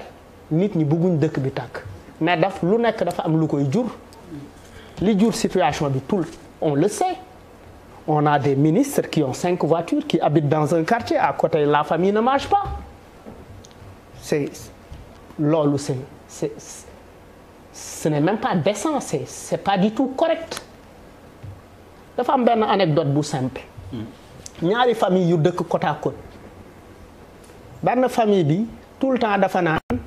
A: nit ñi bëgguñ dëkk bi takk mais daf lu nekk dafa am lu koy jur li jur situation bi tout on le sait on a des ministres qui ont cinq voitures qui habitent dans un quartier à côté la famille ne mange pas c'est loolu c'est c'est ce n'est même pas décent c'est c'est du tout correct dafa am benn anecdote bu simple
D: hmm.
A: ñaari famille yu dëkk côte à côte benn famille bi tout le temps dafa naan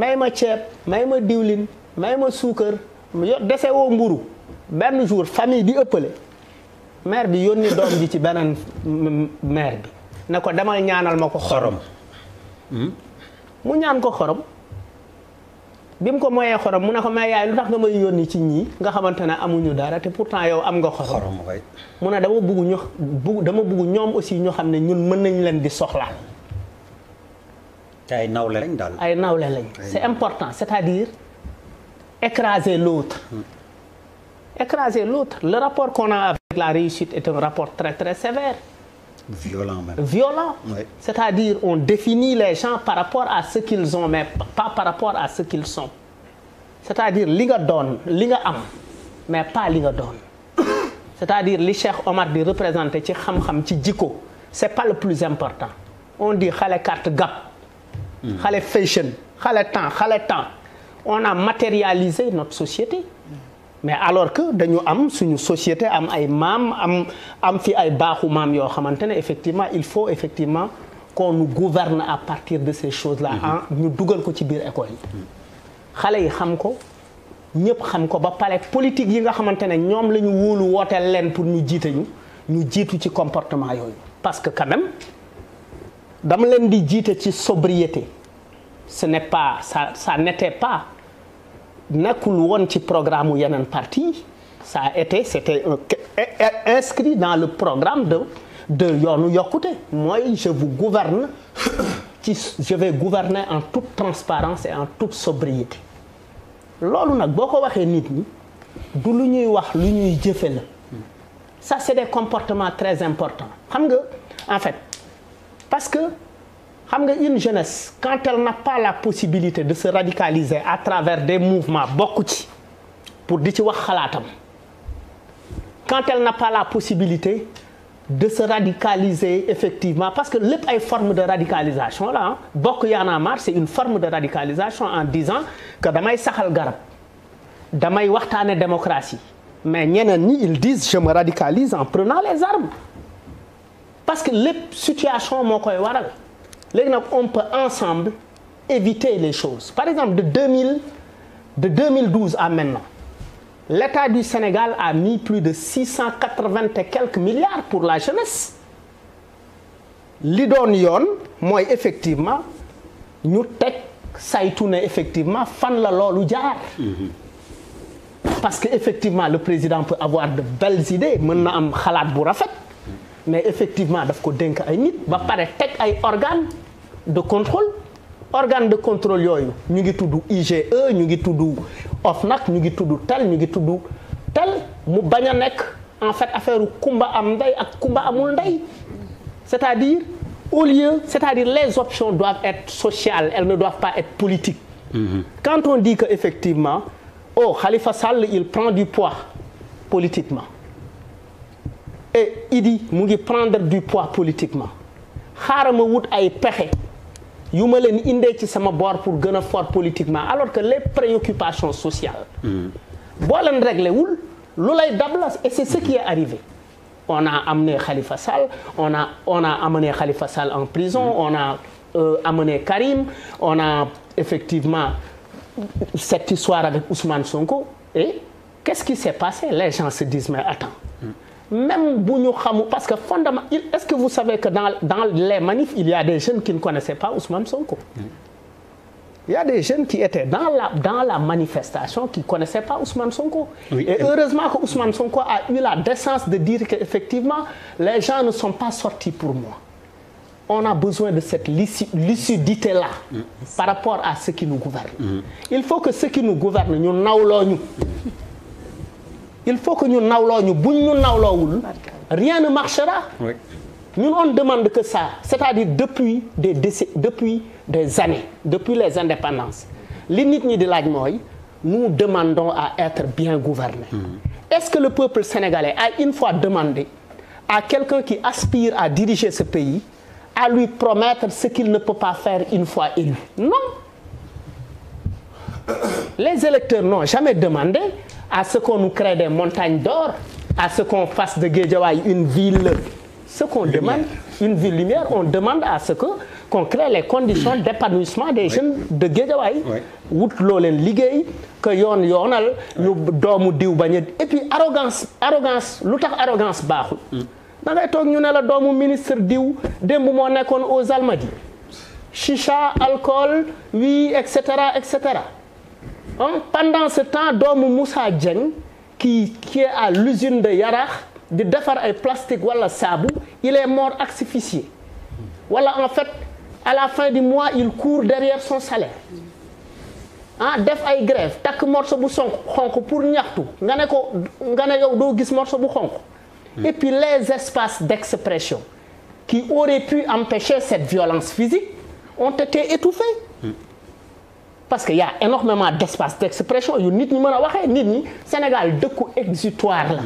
A: may ma ceeb may ma diwlin may ma suukar dese woo mburu benn jour famille bi ëppale maire bi yónni doom ji ci beneen maire bi ne ko demal ñaanal ma ko xorom hmm? mu ñaan ko xorom bi mu ko moyee xorom mu ne ko may yaay lu tax nga may yónni ci ñii nga xamante ne amuñu dara te pourtant yow am nga xorom mu a dama bugg ñu bugg dama bugg ñoom aussi ñoo xam ne ñun mën nañ leen di soxla ay nawle lañ daal ay nawle lañ c'est important c'est-à-dire écraser l'autre hmm. écraser l'autre la rapport qu'on a avec la réussite est un rapport très très sévère Violent même. C'est-à-dire on définit les gens par rapport à ce qu'ils ont, mais pas par rapport à ce qu'ils sont. C'est-à-dire li nga doon li nga am mais pas li nga doon. C'est-à-dire li Cheikh Omar di représenté ci xam-xam ci jikko c'est pas le plus important. On dit xale carte gap. Hmm. xale fashion xale temps xale temps on a matérialisé notre société. mais alors que dañu am suñu société am ay maam am am fi ay baaxu maam yoo xamante ne effectivement il faut effectivement qu'on nous gouverne à partir de chose choses là mhm. ñu dugal ko ci biir école yi xale yi xam ko ñëpp xam ko ba pare politique yi nga xamante ne ñoom la ñu wóolu wooteel leen pour ñu jiite ñu ñu jiitu ci comportement yooyu parce que quand dama leen di jiite ci sobriété ce n'est pas ça ça n'était pas nekkul woon ci programme yeneen partie ça a été c'était e, e, inscrit dans le programme de de yoonu yokkute mooy je vous gouverne ci je vais gouverner en toute transparence et en toute sobriété loolu nag boo ko waxee nit ñi du lu ñuy wax lu ñuy jëfe la ça c'est des comportements très importants xam nga en fait parce que xam nga une jeunesse quand elle n'a pas la possibilité de se radicaliser à travers des mouvement bokk ci pour di ci wax xalaatam quand elle n'a pas la possibilité de se radicaliser effectivement parce que lépp ay forme de radicalisation la ah bokk Y'en a marre une forme de radicalisation en dix disant que damay saxal garab damay waxtaane démocratie mais ñeneen ñi ils disent je me radicalise en prenant les armes parce que lép situation moo koy waral léegi nag on peut ensemble éviter les choses par exemple de 2000 de 2012 à maintenant l'État du Sénégal a mis plus de 680 et quelques milliards pour la jeunesse li doon yoon mooy effectivement ñu teg saytu ne effectivement fan la loolu jaar
D: mm-hmm.
A: parce que effectivement le président peut avoir de belles idées mën na am xalaat bu rafet mais effectivement daf ko dénk ay nit ba pare teg ay organe de contrôle organe de contrôle yooyu ñu ngi tudd IGE ñu ngi tudd nag ñu ngi tudd tel ñu ngi tudd tel mu bañ a nekk en fait affaire kumba am ndey ak kumba amul ndey c'est-à-dire au lieu c'est-à-dire les options doivent être sociales elles ne doivent pas être politiques mmh. quand on effectivement oh xalifa Sall il prend du poids politiquement et Idi mu ngi prendre du poids politiquement xaaral ma wut ay pexe yu ma leen indee ci sama boor pour gën a fort politiquement alors que les préoccupations sociales. Mm. boo leen réglé wul loolay lay dablas et c'est ce qui est arrivé. on a amené Khalifa Sall on a on a amené Khalifa Sall en prison mm. on a euh, amené Karim on a effectivement cette histoire avec Ousmane Sonko et qu'est-ce qui s'est passé les gens se disent mais attends même bu ñu xamu parce que fondamentalement est-ce que vous savez que dans dans les manifs il y a des jeunes qui ne connaissaient pas Ousmane Sonko. Il y a des jeunes qui étaient dans la dans la manifestation qui connaissaient pas Ousmane Sonko. Oui, et heureusement que Ousmane Sonko a eu la décence de dire que effectivement les gens ne sont pas sortis pour moi. On a besoin de cette lucidité là mm. par rapport à ceux qui nous gouvernent. Mm. Il faut que ceux qui nous gouvernent il faut que ñu nawloo ñu buñ ñu nawloowul rien ne marchera oui. ñun demande que ça c'est-à-dire depuis des déc depuis des années depuis les indépendances li nit ñi di laaj mooy nous demandons à être bien gouvernés mm-hmm. est-ce que le peuple sénégalais a une fois demandé à quelqu'un qui aspire à diriger ce pays à lui promettre ce qu'il ne peut pas faire une fois élu non les électeurs n'ont jamais demandé à ce qu'on crée des montagnes d'or, à ce qu'on fasse de Guédiawaye une ville, ce qu'on demande, une ville lumière, on demande à ce que qu'on crée les conditions d'épanouissement des oui. jeunes de Guédiawaye wut loo leen liggéey que yoon yoonal ñu doomu diw bañ et puis arrogance lu tax arrogance baaxul hmm. da ngay toog ñu ne la doomu ministre diw démb moo nekkoon aux Almadies chicha alcool wii oui, et cetera et cetera pendant ce temps doomu Moussa Dieng qui qui est à l'usine de Yaraax di defar ay plastique wala saabu il est mort asphyxié wala en fait à la fin du mois il court derrière son salaire ah def ay grève takk morceau bu sonk xonk pour ñaxtu nga ne ko nga ne yow doo gis morceau bu xonk hmm. et puis les espaces d'expression qui auraient pu empêcher cette violence physique ont été étouffés mm. parce que y' a énormément d' espace yu nit ñi mën a waxee nit ñi Sénégal dëkku exutoire la.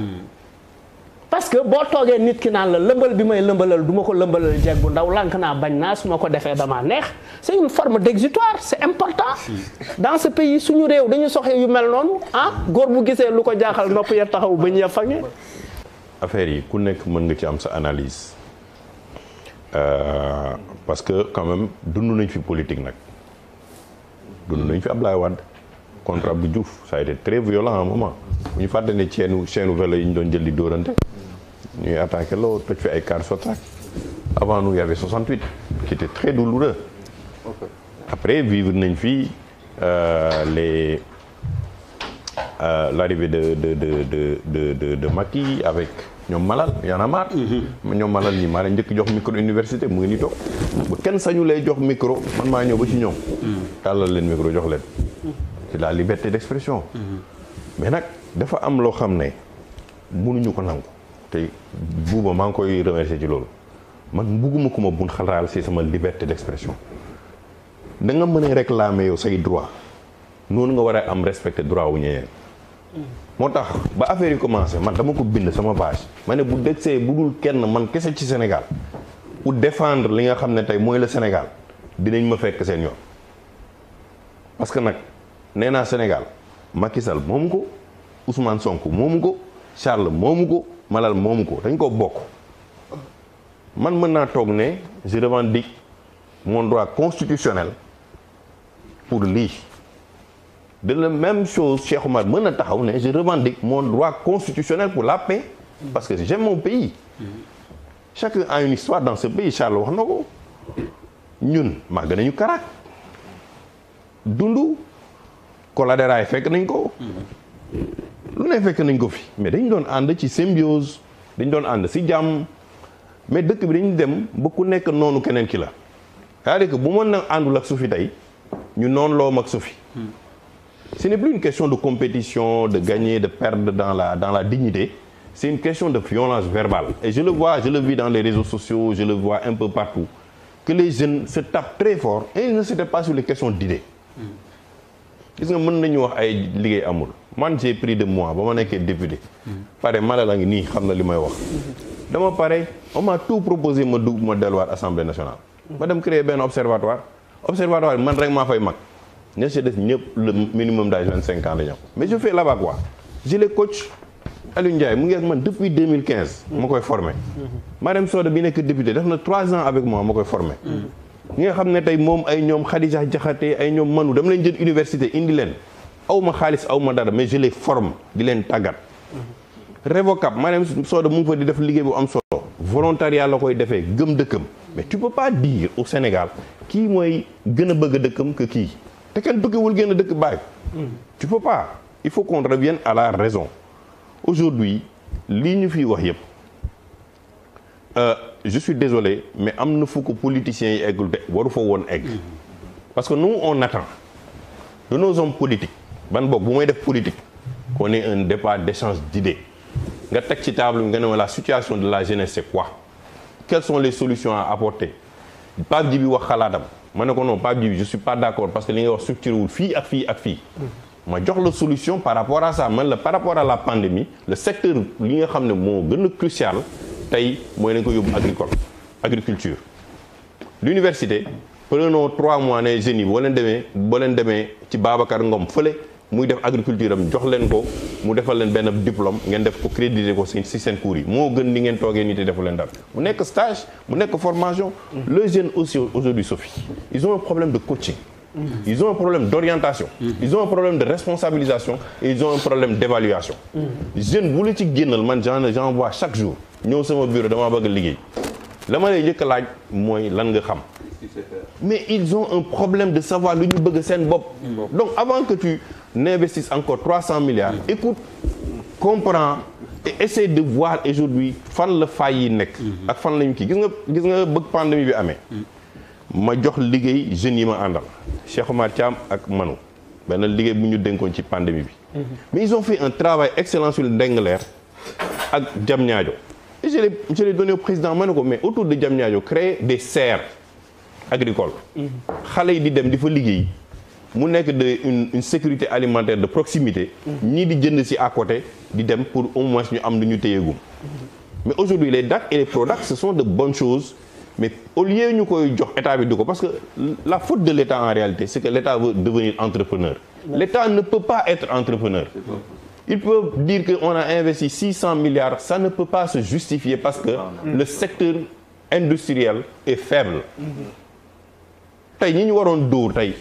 A: parce que boo toogee nit ki naan la lëmbal bi may lëmbalal duma ko lëmbalal jeeg bu ndaw lànk naa bañ naa su ma ko defee damaa neex c' est une forme d' exutoire important. dans ce pays suñu réew dañu soxee yu mel noonu ah góor bu gisee lu ko jaaxal nopp ya taxaw ba ñëw fange.
C: affaire yi ku nekk mën nga ci am sa analyse euh, parce que quand même dund nañ fi politique nag. dund nañ fi Ablaye Wade contrat bu Diouf ça a été très violent moment bu ñu fàtte ne ceenu ceenu vélo yi ñu doon jël di dóorante ñuy attaqué loo toj fi ay car sotaak avant nous y avait 68 qui était très douloureux après vivre nañ fii euh, les euh, l'arrivée de de de de de de de Macky avec ñoom malal Y'en a marre mhm. ñoom malal ñii maa lañ njëkk jox micro université mu ngi ni toog ba kenn sañu lay jox micro man maa ñëw ba ci ñëw mhm. tàllal leen micro jox leen mhm. c'est la liberté d'expression mais nag dafa am loo xam ne mënuñu ko nangu te buuba maa ngi koy remercier ci loolu man bugguma ko ma bun xalaal si sama liberté d'expression da nga mën a réclamer yow say droit noonu nga war a am respecté droit wu ñeneen moo tax ba affaire yi commencé man dama ko bind sama page ma ne bu degsee bu dul kenn man kese ci Sénégal pour défendre li nga xam ne tey mooy le Sénégal dinañ ma fekk seen yoon parce que nag nee naa Sénégal makisal Sall moomu ko Ousmane sonk moomu ko Charles moomu ko Malal moomu ko dañ koo bokk man mën naa toog ne je revendique mon droit constitutionnel pour lii de la même chose Cheikh Omar mën na taxaw ne je revendique mon droit constitutionnel pour la paix parce que j'aime mon pays chacun a une histoire dans ce pays Charles wax na ko ñun màgg nañu Karak dundu Koladeraay fekk nañ ko lu ne fekk nañ ko fi mais dañ doon ànd ci symbiose dañ doon ànd si jàmm mais dëkk bi dañu dem ba ku nekk noonu keneen ki la c'est-à-dire que bu mën na àndul ak suufi tey ñu noonu loo mag suufi ce n'est plus une question de compétition de gagner de perdre dans la dans la dignité c'est une question de violence verbale et je le vois je le vis dans les réseaux sociaux je le vois un peu partout que les jeunes se tapent très fort et ils ne se pas sur les questions d'idées gis nga mën nañu wax ay liggéey amul man j'ai pris de mois ba ma nekkee député pare mala la ngi nii xam na li may wax dama pare on m'a tout proposé ma dugg ma delluwaat assemblée nationale ma dem créer benn observatoire observatoire man rek maa fay mag ña si des ñëpp le minimum d'âge vingt cinq ans la ñu am mais je fais là-bas quoi je les coach Aliou Ndiaye mu ngi ak man depuis 2015. ma koy formé. Marème Soda bi nekk député def na trois ans avec moi ma koy formé. ñi nga xam ne tey moom ay ñoom Khadija Diakhaté ay ñoom Manu dama leen jël université indi leen aw ma xaalis aw ma dara mais je les forme di leen tàggat. Révocable Marème Soda mu ngi fa di def liggéey bu am solo volontariat la koy defee gëm dëkkam mais tu peux pas dire au Sénégal kii mooy gën a bëgg dëkkam que kii. te kenn wul génn dëkk bàyyi. tu peux pas il faut qu'on revienne à la raison aujourd'hui lii ñu fiy wax yëpp euh, je suis désolé mais am na fu ko politiciens yi eggul te waru fa woon egg parce que nous on attend de nos hommes politiques ban boog bu may def politique qu'on ait un débat d'échange d'idées nga teg ci table bi nga ne ma la situation de la jeunesse c'est quoi quelles sont les solutions à apporter Pape Djibi wax xalaatam ma ne ko non Pape Djibi je suis pas d' accord parce que li nga wax structuré fii ak fii ak fii ma jox la solution par rapport a ça man la par rapport a la pandémie le secteur li nga xam ne moo gën a crucial tey mooy nañ ko yóbbu agricole agriculture l'université prenons trois mois ne jeunes yi boo leen demee boo leen demee ci Babacar Ngom fële muy def agriculture am jox leen ko mu defal leen benn diplôme ngeen def ko crédité ko si seen cours yi moo gën ni ngeen toogee nii te defu leen dara mu nekk stage mu nekk formation les jeunes aussi aujourd'hui Sophie ils ont un problème de coaching ils ont un problème d'orientation ils ont un problème de responsabilisation et ils ont un problème d'évaluation jeune bu la ci génnal man j'en j'en vois chaque jour ñëw sama bureau damaa bëgg liggéey la ma lay njëkk a laaj mooy lan nga xam mais ils ont un problème de savoir lu ñu bëgg seen bopp donc avant que tu n'investissent encore 300 milliards écoute comprend et essaie de voir aujourd'hui fan la faay yi nekk mhm. ak fan lañu kii gis nga gis nga bëgg pandémie bi amee mhm. ma jox liggéey jeunes yi ma àndal Cheikh Omar Thiam ak Manu benn liggéey bu ñu denkoon ci pandémie bi mhm. mais ils ont fait un travail excellent sur Ndengler ak Diamniadio et je l'ai je l'ai donné au président mane ko mais autour de Diamniadio créer des serres agricole xale yi di dem di fa liggéey mu nekk de une sécurité alimentaire de proximité. Mm-hmm. ñii di jënd si à côté di dem pour au moins ñu am lu ñu téyeegum. Mm-hmm. mais aujourd'hui les DAC et les PRODAC ce sont de bonnes choses mais au lieu ñu koy jox état bi du ko parce que la faute de l'état en réalité c'est que l'état veut devenir entrepreneur. l'état ne peut pas être entrepreneur. il peuvent dire que on a investi 600 milliards ça ne peut pas se justifier parce que le secteur industriel est faible.
D: Mm-hmm.
C: tey ñi ñu waroon dóor tey.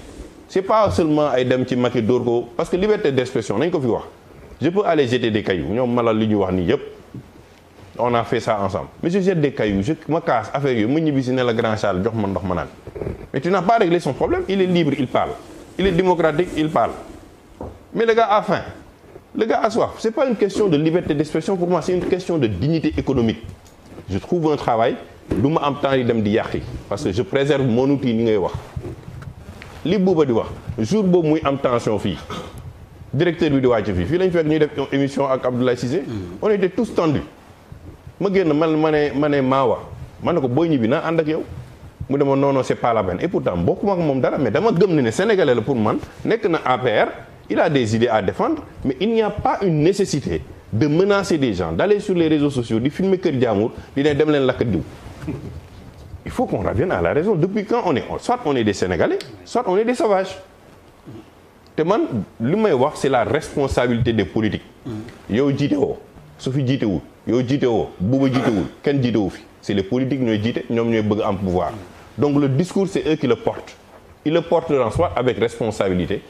C: c'est pas seulement ay dem ci Macky dóor ko parce que liberté d'expression nañ ko fi wax je peux aller jeter des cailloux ñoom malal li ñu wax nii yëpp on a fait ça ensemble mais je jette des je ma casse affaire yooyu ma ñibbi si ne la grand Charles jox ma ndox ma naan mais tu n'as pas réglé son problème il est libre il parle il est démocratique il parle mais le gars a faim le gars a soif c'est pas une question de liberté d'expression pour moi c'est une question temps yi dem di yàqi parce que je préserve mon ngay wax li buuba di wax jour boobu muy am tension fii directeur bi di wàcc fii fii lañ fekk ñuy def émission ak Abdoulaye Cissé mm. on était tous tendus ma génn man ma ne ma ne maawa man ne ko booy ñibbi naa ànd ak yow mu demoon non non c'est pas la peine et pourtant bokkuma ak moom dara mais dama gëm ne ne sénégalais la pour man nekk na APR il a des idées à défendre mais il n'y a pas une nécessité de menacer des gens d'aller sur les réseaux sociaux di filmer kër jaamur di ne dem leen lakk il faut qu'on revienne à la raison depuis quand on est soit on est des Sénégalais soit on est des sauvages te man li may wax c'est la responsabilité des politiques mm-hmm. yow jiite woo su fi jiitewul yow jiite woo buuba jiitewul kenn jiitewu fi c'est les politiques ñooy jiite ñoom ñooy bëgg am pouvoir mm-hmm. donc le discours c'est eux qui le portent ils le porteront soit avec responsabilité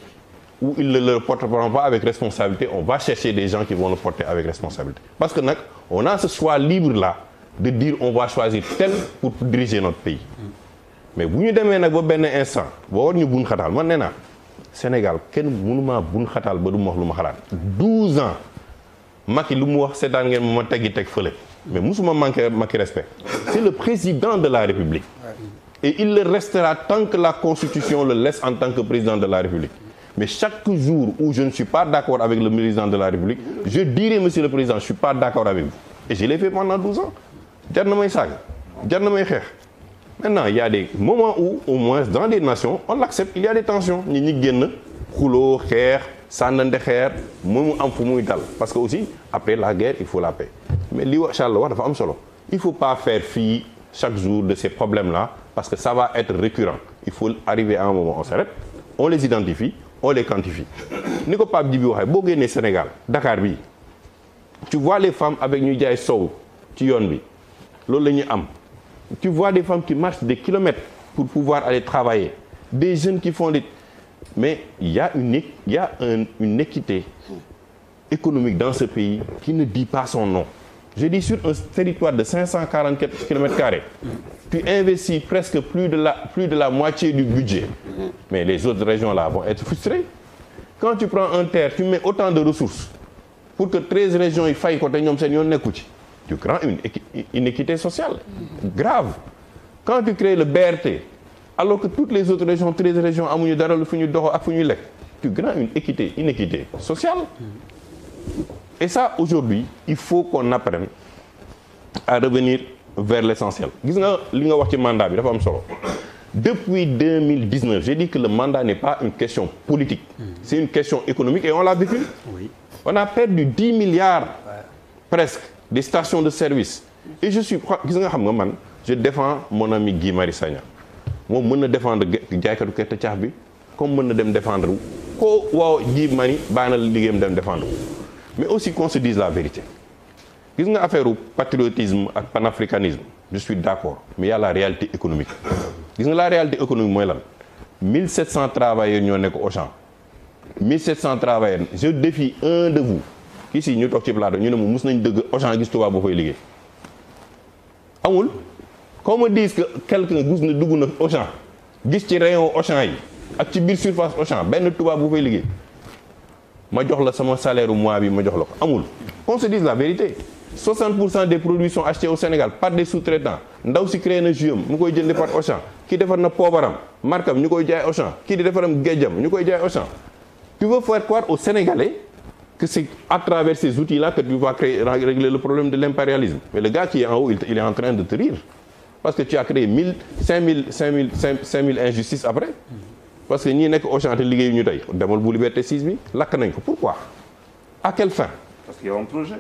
C: ou ils ne le porteront pas avec responsabilité on va chercher des gens qui vont le porter parce que nag on a de dire on va choisir tel pour diriger notre pays mais bu ñu demee nag ba benn instant boo war ñu bun xataal man nee naa Sénégal kenn mënumaa bun xataal ba du ma wax lu ma xalaat 12 ans Macky lu mu wax seetaan ngeen ma ma teggi teg fële mais musuma manqué Macky respect c'est le président de la République et il le restera tant que la constitution le laisse en tant que président de la République mais chaque jour où je ne suis pas d'accord avec le président jar na may saaga jar na may xeex maintenant il y a des moments où au moins dans des nations on l'accepte il y a des tensions ñi ñi génn xulo xeex sànnante xeer moomu am fu muy dal parce que aussi après la guerre il faut la paix mais li wax dafa am solo il faut pas faire fii chaque jour de ces problèmes la parce que ça va être récurrent il faut arriver à un moment on s'arrête on les identifie on les quantifie ni ko Pape bi waxee boo génnee Sénégal Dakar bi tu vois les ñuy jaay sow ci yoon bi loolu la ñuy am tu vois des femmes qui marchent des kilomètres pour pouvoir aller travailler des jeunes qui font des mais il y a une il y équité économique dans ce pays qui ne dit pas son nom je dis sur un territoire de 544 kilomètres presque plus de la plus de la moitié du budget mais les autres régions là vont être frustrées quand tu prends un terre tu mets autant de ressources pour que 13 régions yi fay ko te ñoom seen yoon nekku ci tu crées une inéquité sociale grave quand tu crées le BRT alors que toutes les autres régions treize régions amuñu dara lu fu ñu doxoo ak fu ñuy lekk tu crées une équité inéquité sociale et ça aujourd'hui il faut qu'on apprenne à revenir vers l'essentiel gis nga li nga wax ci mandat bi dafa am solo depuis 2019 j'ai dit que le mandat n'est pas une question politique c'est une question économique et on l'a vécu on a perdu 10 milliards presque des stations de service et je suis gis nga xam nga man je défends mon ami Guy Marius Sagna moom mën na défendre jaaykatu gerte caax bi comme mën na dem défendre wu koo waaw ji mani baax na liggéeyam dem défendre wu mais aussi qu'on se dise la vérité gis nga affaire u patriotisme ak panafricanisme je suis d'accord mais y a la réalité économique gis nga la réalité économique mooy lan 1700 travailleurs ñoo nekk Auchan 1700 travailleurs je défie un de vous ici ñu toog ci plateau ñu ne mu mus nañ dëgg Auchan gis tubaab boo fay liggéey amul qu'on me dise que quelqu'un gis na dugg na Auchan gis ci rayon Auchan yi ak ci biir surface Auchan benn tubaab bu fay liggéey ma jox la sama salaire mois bi ma jox la ko amul qu'on se dise la vérité 60 pour cent des produits sont achetés au Sénégal par des sous-traitants ndaw si créé na juyam e mu koy jënd par Auchan kii defar na poobaram markam ñu koy jaay Auchan kii di defaram géejam ñu koy jaay Auchan tu veux faire croire que c'est à travers ces outils-là que tu vas créer, régler le problème de l'impérialisme. Mais le gars qui est en haut, il, il, est en train de te rire. Parce que tu as créé 1000, après. Parce que ñii nekk Auchan te liggéeyu ñu tey demal bu Liberté lakk nañ pourquoi a un projet.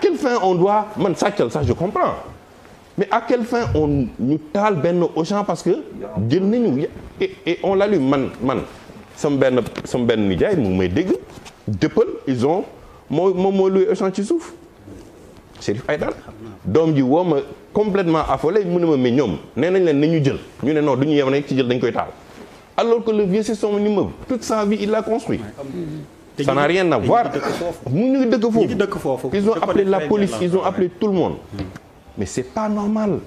C: quelle fin on doit man sàccal sax je comprends mais à quelle fin on ñu taal benn Auchan parce que jël nañu et et on l'allume man man sama benn sama benn nijaay mu ngi may dëppal ils ont moo moom moo loué Auchan ci suuf ay Aïdara doom ji woo ma complètement affolé mu ne ma mais ñoom nee nañ leen nañu jël ñu ne non du ñu yem rek ci jël dañ koy taal alors que le vieux c'est son immeuble toute sa vie il l'a construit
D: ça n'a rien à voir
C: mu ñu ngi dëkk foofu ils ont appelé la police ils ont appelé tout le monde mais c'est pas normal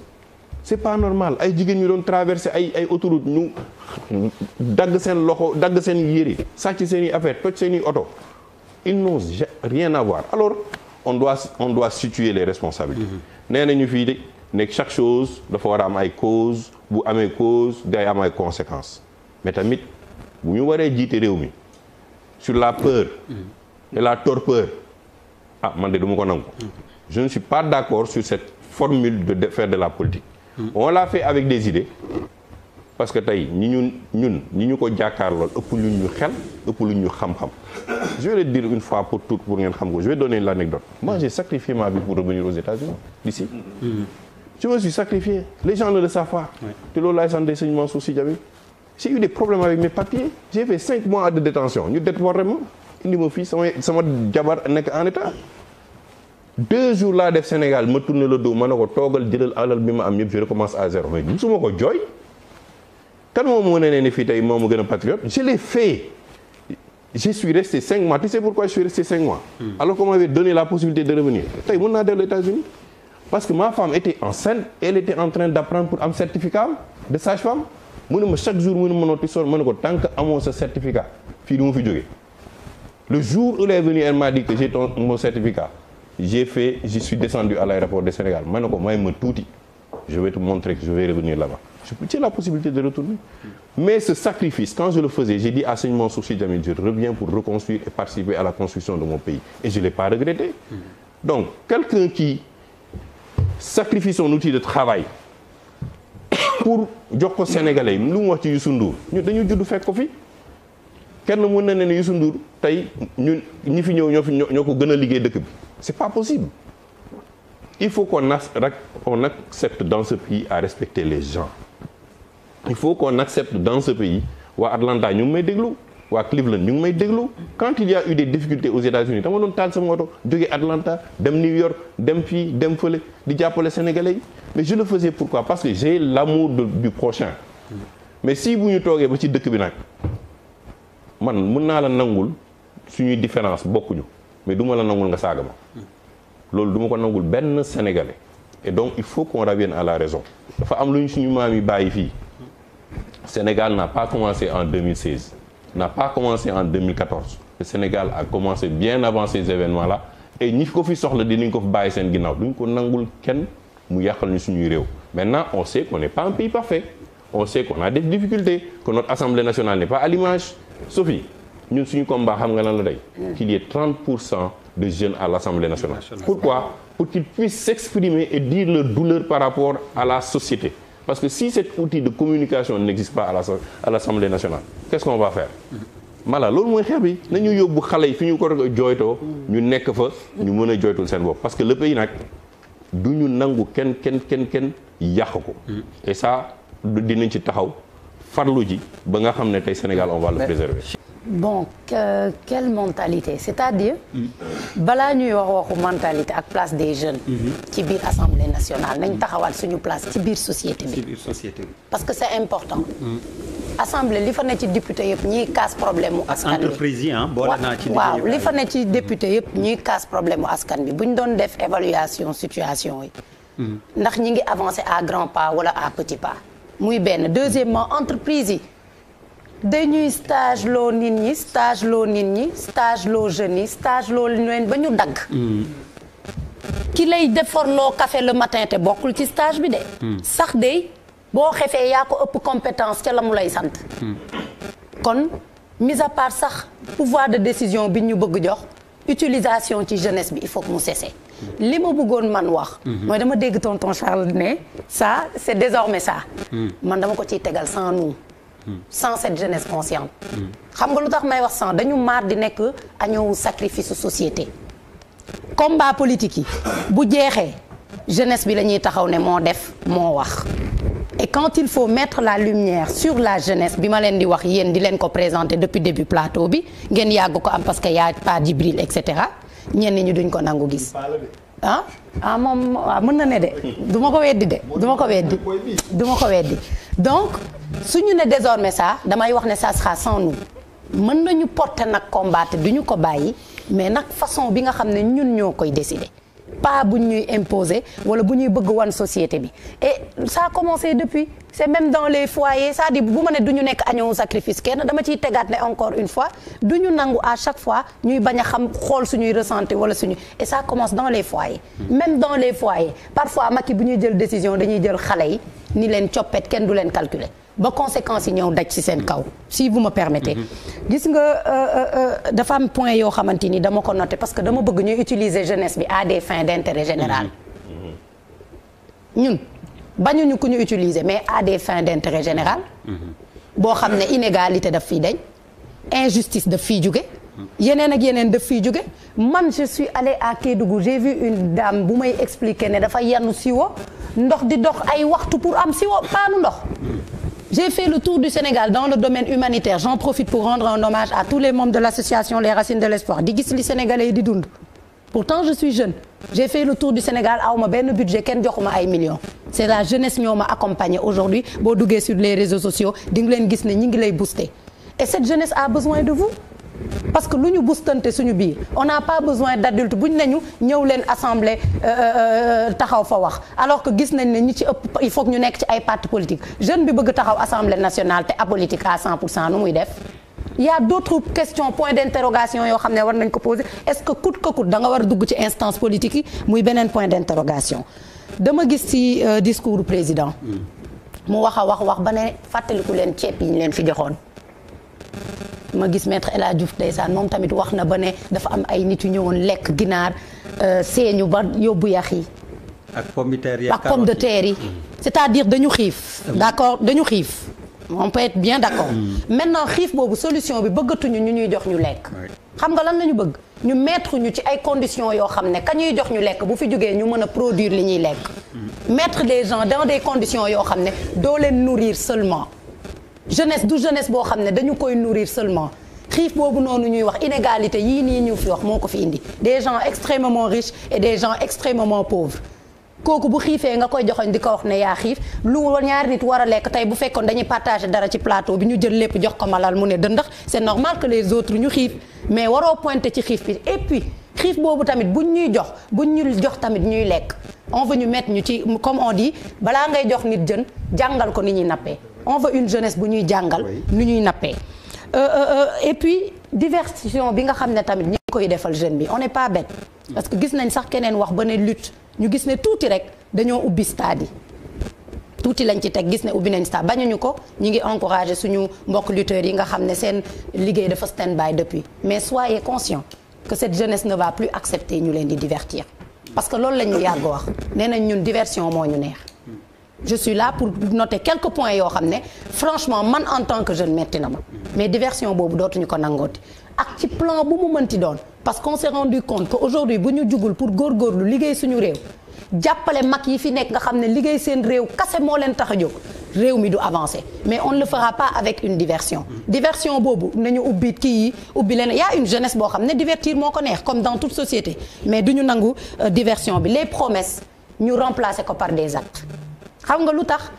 C: c'est pas normal ay jigéen ñu doon traverser ay ay autoroute ñu dagg seen loxo dagg seen yére sàcc seen i affaire toj seen i oto ils n'ont rien à voir alors on doit on situer les responsabilités mm-hmm. nee nañu fii de nekk chaque chose dafa war a am ay cause bu amee cause day am ay conséquences mais tamit bu ñu waree jiite réew mi sur la peur mm-hmm. et la torpeur ah man de du ma ko nangu mm-hmm. je ne suis pas d'accord sur cette formule de faire de la politique on l'a fait avec des idées parce que tey ñi ñun ñun ñi ñu ko jàkkaarlool ëpp lu ñu xel ëpp lu ñu xam-xam je vais le dire une fois pour toutes pour ngeen xam ko je vais donner l'anecdote moi j'ai sacrifié ma mm-hmm. Mm-hmm. le savent pas te loolu laay sant sëñ Mansour Sy Djamil j'ai eu des problèmes avec mes papiers j'ai fait cinq mois de détention ñu déporté ma indi ma fii sama sama jabar nekk en état deux jours laa def Sénégal ma tourné le dos ma ne ko toogal jëlal alal bi ma am yëpp je recommence à zéro mais su ko jooy kan moom mu ne ni fii tey moo mu gën a patriote je l'ai fait suis resté cinq mois tu sais pourquoi je suis resté cinq mois. Hmm. alors qu'on m'avait donné la possibilité de revenir tey mën naa dellu États-Unis parce que ma femme était enceinte elle était en train d'apprendre pour am certificat de sage-femme mu ne ma chaque jour mu ne ma nooti sol ma ne ko tant que amoo sa certificat fii du mu fi jógee le jour où elle est venue elle m'a dit que j'ai ton mon certificat j'ai fait je suis ne ko may tuuti je vais te montrer que je j'ai la possibilité de retourner. Mais ce sacrifice, quand je le faisais, j'ai dit à Seigneur Mansour Djamil, je reviens pour reconstruire et participer à la construction de mon pays. Et je ne pas regretté. Donc, quelqu'un qui sacrifie son outil de travail pour jox ko Sénégalais yi lu mu wax ci Youssou ñu dañu judd fekk ko fi kenn mën na ne ne Youssou Ndour tey ñun ñi fi ñëw ñoo fi ñoo ko gën a liggéey dëkk bi c'est pas possible il faut qu'on on accepte dans ce pays à respecter les gens il faut qu'on accepte dans ce pays waa Atlanta ñu ngi may déglu waa Cleveland ñu ngi may déglu quand il y a eu des difficultés aux États-Unis dama doon taal sama moto jógee Atlanta dem New York dem fii dem fële di jàppale sénégalais yi mais je le faisais pourquoi parce que j'ai l'amour du prochain mais si bu ñu toogee ba ci dëkk bi nag man mën naa la nangul suñuy différence bokkuñu mais du ma la nangul nga saaga ma loolu duma ko nangul benn sénégalais et donc il faut qu'on revienne à la raison dafa am lu ñu suñu maam yi bàyyi fii Sénégal n'a pas commencé en 2016, n'a pas commencé en 2014. Le Sénégal a commencé bien avant ces événements-là et ñi ko fi soxla dinañ ko fi bàyyi seen ginnaaw duñ ko nangul kenn mu yàqal ñu suñuy réew. Maintenant, on sait qu'on n'est pas un pays parfait. On sait qu'on a des difficultés, que notre Assemblée nationale n'est pas à l'image. Sophie, ñun suñu combat xam nga lan la day qu'il y pour cent de jeunes à l'Assemblée nationale. Pourquoi? Pour qu'ils puissent s'exprimer et dire par rapport à la société. Parce que si cet outil de communication n'existe pas à l'Assemblée nationale, qu'est-ce qu'on va faire voilà loolu mooy xeex bi nañu yóbbu xale yi fi ñu ko jooytoo ñu nekk fa ñu mën a jooytul seen bopp parce que le pays nag du ñu nangu kenn kenn kenn kenn yàq ko et ça dinañ ci taxaw farlu ji ba nga xam ne tey Sénégal on va le préserver bon
B: que, quelle mentalité c'est-à-dire. Mm. balaa ñuy wax waxu mentalité ak place des jeunes. Mm-hmm. ci biir assemblée nationale nañ taxawaat suñu place ci biir société
A: bi. ci
B: parce que c'est important. Mm. assemblée li fa ne ci député yëpp ñiy kaas problème mu askan bi entreprise yi ah, boole waaw li fa ne ci député yëpp ñiy kaas problème mu askan bi bu ñu doon def évaluation situation yi. Mm-hmm. ndax ñi ngi avancer à grands pas wala à petits pas. muy benn deuxièmement entreprise yi. dañuy stage loo nit ñi stage loo nit ñi stage loo jeunes stage loo leen ba ñu dagg. ki lay defar loo le matin te bokkul ci stage bi de. sax de boo xefee yaa ko ëpp compétence ca la mu lay sant. kon mis à part sax pouvoir de décision bi ñu bëgg jox utilisation ci jeunesse bi il faut que mu cesse. li ma bëggoon man wax. mooy dama dégg tonton Charles ne ça c'est désormais ça. Hmm. man dama ko ciy tegal sans nous. sans cette jeunesse consciente. xam nga lu tax may wax sans dañu maar di nekk añoowu sacrifice société. combat politique yi bu jeexee jeunesse bi la ñuy taxaw ne moo def moo wax. et quand il faut mettre la lumière sur la jeunesse bi ma leen di wax yéen di leen ko présenter depuis début plateau bi ngeen yàgg ko am parce que y a pas Djibril et cetera ñenn ñi duñ ko nangu gis. ah ah moom waaw mën na ne de du ma ko weddi de du ma ko weddi du ma ko weddi donc su ñu ne désormais ça damay wax ne ça sera sans nous mën nañu porter nag combattre du ñu ko bàyyi mais nag façon bi nga xam ne ñun ñoo koy décider pas bu ñuy imposer wala bu ñuy bëgg wan société bi et ça a depuis c'est même dans les foyers c'est-à-dire bu ma ne du ñu nekk añowu sacrifice kenn dama ciy tegaat ne encore une fois du ñu nangu à chaque fois ñuy bañ a xam xool suñuy ressenti wala suñu et ça commence dans les foyers même dans les foyers parfois Macky bu ñuy jël décision dañuy jël xale yi ni leen coppet kenn du leen calculer ba conséquence yi ñëw daj ci seen kaw si vous ma permettez. Mm-hmm. gis nga euh, euh, euh, dafa am point yoo xamante ni dama ko noté parce que dama bëgg ñu utiliser jeunesse bi à des fins d'intérêt général. Mm-hmm. ñun bañuñu ku ñu utiliser mais à des fins d'intérêt général. Mm-hmm. boo xam ne inégalité daf fiy dañ. injustice daf fiy jóge yeneen ak yeneen daf fi jóge man je suis allé à Kédougou j'ai vu une dame bu may expliquer ne dafa yanu siwo ndox di dox ay waxtu pour am siwo paanu ndox. j'ai fait le tour du Sénégal dans le domaine humanitaire j'en profite pour rendre un hommage à tous les membres de l'association Les Racines de l'Espoir di gis li Sénégalais yi di dund pourtant je suis jeune j'ai fait le tour du Sénégal aw ma benn budget kenn joxuma ay millions c'est la jeunesse ñoo ma accompagner aujourd'hui boo duggee sur les réseaux sociaux di nga leen gis ne ñi ngi lay booster et cette jeunesse a besoin de parce que lu ñu bustante suñu biir on n'a pas besoin d'adulte bu ñu nañu ñëw leen assemblée euh, euh, euh, taxaw fa wax alors que gis nañ ne ñu ci ëpp il faut ñu nekk ci ay parti politique jeune bi bëgg taxaw assemblée nationale te apolitique à 100 pour cent nu muy def il y a d'autres questions points d'interrogation yoo xam ne war nañ ko poser est-ce que coûte que coûte da war a dugg ci instance politique yi muy beneen point d'interrogation dama gis ci discours président hmm. mu wax a wax wax ba ne fàttaliku leen ceeb yi ñu leen fi joxoon ma gis maître El Hadj Diouf ndeysaan moom tamit wax na ba ne dafa am ay nit yu ñëwoon lekk ginaar euh, seeñu ba yóbbu yax yi.
D: ak pomme de terre
B: yi yi. Mm. c'est-à-dire dañu xiif. Mm. d'accord dañu xiif. on peut être bien d'accord. Mm. maintenant xiif boobu solution bi bëggatuñu ñu ñuy jox ñu lekk. xam nga lan la ñu bëgg. ñu mettre ñu ci ay conditions yoo xam ne ka ñuy jox ñu lekk bu fi jógee ñu mën a produire li ñuy lekk. mettre des gens dans des condition yoo xam ne doo leen nourrir seulement. jeunesse du jeunesse boo xam ne dañu koy nourrir seulement xiif boobu noonu ñuy wax inégalité yii nii ñu fi wax moo ko fi indi des gens extrêmement riches et des gens extrêmement pauvres kooku bu xiifee nga koy joxoñ di ko wax ne yaa xiif lu ñaar nit war a lekk tey bu fekkoon dañuy partager dara ci plateau bi ñu jël lépp jox ko malal mu ne dëndax c'est normal que les autres ñu xiif mais waroo pointer ci xiif bi et puis xiif boobu tamit buñ ñuy jox buñ ñu jox tamit ñuy lekk on veut ñu mettre ñu ci comme on di balaa ngay jox nit jën jàngal ko ni ñuy nappee on veut une jeunesse bu ñuy jàngal ni ñuy nappee euh, euh, euh, et puis diversion bi nga xam ne tamit ñu ngi koy defal jeune bi on n'est pas bête que gis nañ sax keneen wax ba ne lutte ñu gis ne tuuti rek dañoo ubbi stade yi tuuti lañ ci teg gis ne ubbi nañ stade bañuñu ko ñu ngi encouragé suñu mbokk lutteurs yi nga xam ne seen liggéey dafa stand by depuis mais soyez conscient que cette jeunesse ne va plus accepter ñu leen di divertir parce que loolu la ñu yàgg wax nee nañ ñun diversion moo ñu neex je suis là pour note quelques points yoo xam ne franchement man en tant que jeune metti na ma mais diversion boobu dootuñu ko nangooti ak ci plan bu mu mënti doon parce que s'est rendu compte que aujourd'hui bu ñu jugul pour góorgóorlu liggéey suñu réew jàppale mag yi fi nekk nga xam ne liggéey seen réew kase moo leen tax a jóg réew mi du avancer mais on ne le fera pas avec une diversion diversion boobu nañu ubbi kii yi ubbi leen y a une jeunesse boo xam ne divertir moo ko neex comme dans toute société mais du ñu nangu euh, diversion bi les promesses ñu remplacer ko par des actes xam nga lu tax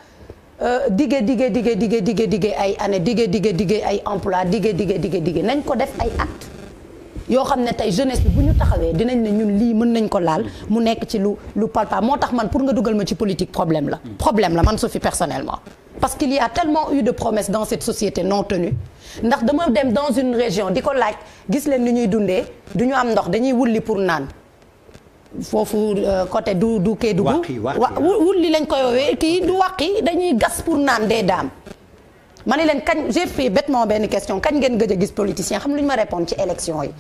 B: euh, digge digge digge digge digge digge ay année digge digge digge ay emploi digge digge digge digge nañ ko def ay actes yoo xam ne tey jeunesse bi bu ñu taxawee dinañ ne ñun lii mën nañ ko laal mu nekk ci lu lu palpa moo tax man pour nga dugal ma ci politique problème la problème la man Sophie personnellement parce qu'il y a tellement eu de promesses dans cette société non tenue ndax dama dem dans une région di ko laaj gis leen ni ñuy dundee du ñu am ndox dañuy wulli pour naan foofu euh, côté du du Kédougou wu wulli lañ koy woowee kii du wàqi dañuy gas pour naan des daam ma ne leen kañ j'ai fait bêtement benn question kañ ngeen gëj a gis politicien xam lu ñu ma répondre ci élection yi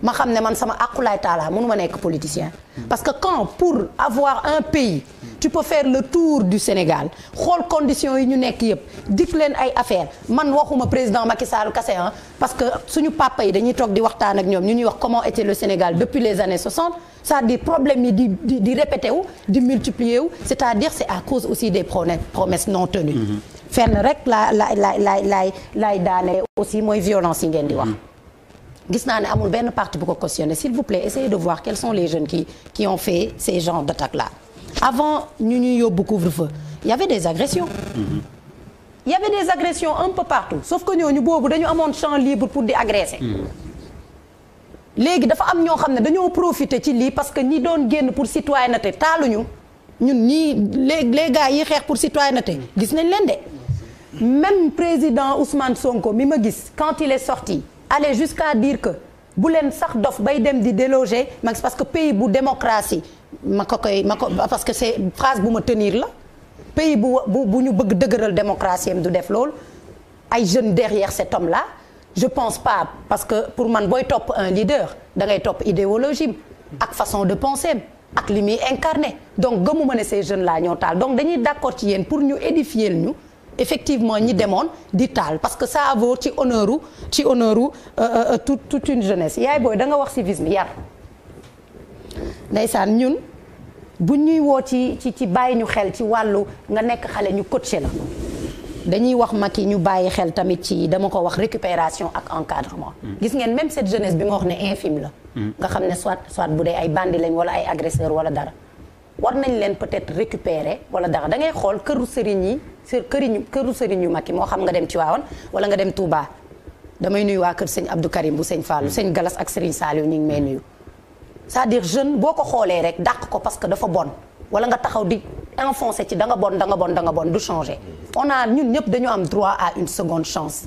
B: ma xam ne man sama aqulaay taala mënu ma nekk politicien parce que quand pour avoir un pays tu peux faire le tour du Sénégal xool conditions yi ñu nekk yëpp dik leen ay affaire man waxuma président Macky Sall kase ah parce que suñu papa yi dañuy toog di waxtaan ak ñoom ñu ñuy wax comment était le Sénégal depuis les années 60 c'est-à-dire problème yi di di di à dire à cause aussi des promesses non fenn rek laa la la laay laay laay daane aussi mooy violence yi ngeen di wax gis naa ne amul benn parti bu ko cautionné s'il vous plaît essayez de voir quels sont les jeunes qui qui ont fait ces genres d'attaques là avant ñu ñuy yóbbu couvre-feu il y avait des agressions
D: il mm-hmm.
B: y avait des agressions un peu partout sauf que ñooñu boobu dañu amoon champ libre pour di agresser
D: mm-hmm.
B: léegi dafa am ñoo xam ne dañoo profiter ci lii parce que ñi doon génn pour citoyenneté taaluñu ñun ñii les les gars yi xeex pour citoyenneté gis nañ leen de même président Ousmane Sonko mi ma gis quand il est sorti aller jusqu'à dire que bu leen sax dof bay dem di déloger ma parce que pays bu démocratie ma ko koy ma parce que c'est phrase bu ma tenir la pays bu bu bu ñu bëgg dëgëral démocratie am du def loolu ay jeunes derrière cet homme la je pense pas parce que pour man booy topp un leader da ngay topp idéologie ak façon de penser ak li muy incarné donc gëmuma ne ces jeunes là ñoo taal donc dañuy d'accord yéen pour ñu édifier ñu effectivement ñi demoon di taal parce que ça vaut ci honneur ci honneur euh, euh, euh, toute toute une jeunesse yaay booy da nga wax civisme yar ndeysaan ñun bu ñuy woo ci ci ci bàyyi ñu xel ci wàllu nga nekk xale ñu coaché la dañuy wax mag yi ñu bàyyi xel tamit ci dama ko wax récupération ak encadrement mm. gis ngeen même cette jeunesse bi ma wax ne infime la
D: mm. nga xam ne soit
B: soit bu dee ay bandi lañ wala ay agresseur wala dara war nañ leen peut-être récupérer wala dara da ngay xool këru sëriñ yi sur këriñu këru sëriñ yu mag yi moo xam nga dem Tivaouane wala nga dem Touba damay nuyu waa kër sëñ Abdou Karim bu sëñ Fallou sëñ Galas ak sëriñ Saliou ñu ngi may nuyu c'est-à-dire jeune boo ko xoolee rek dàq ko parce que dafa bon wala nga taxaw di enfoncé ci da nga bon da nga bon da nga bon du changer on a ñun ñëpp dañu am droit à une seconde chance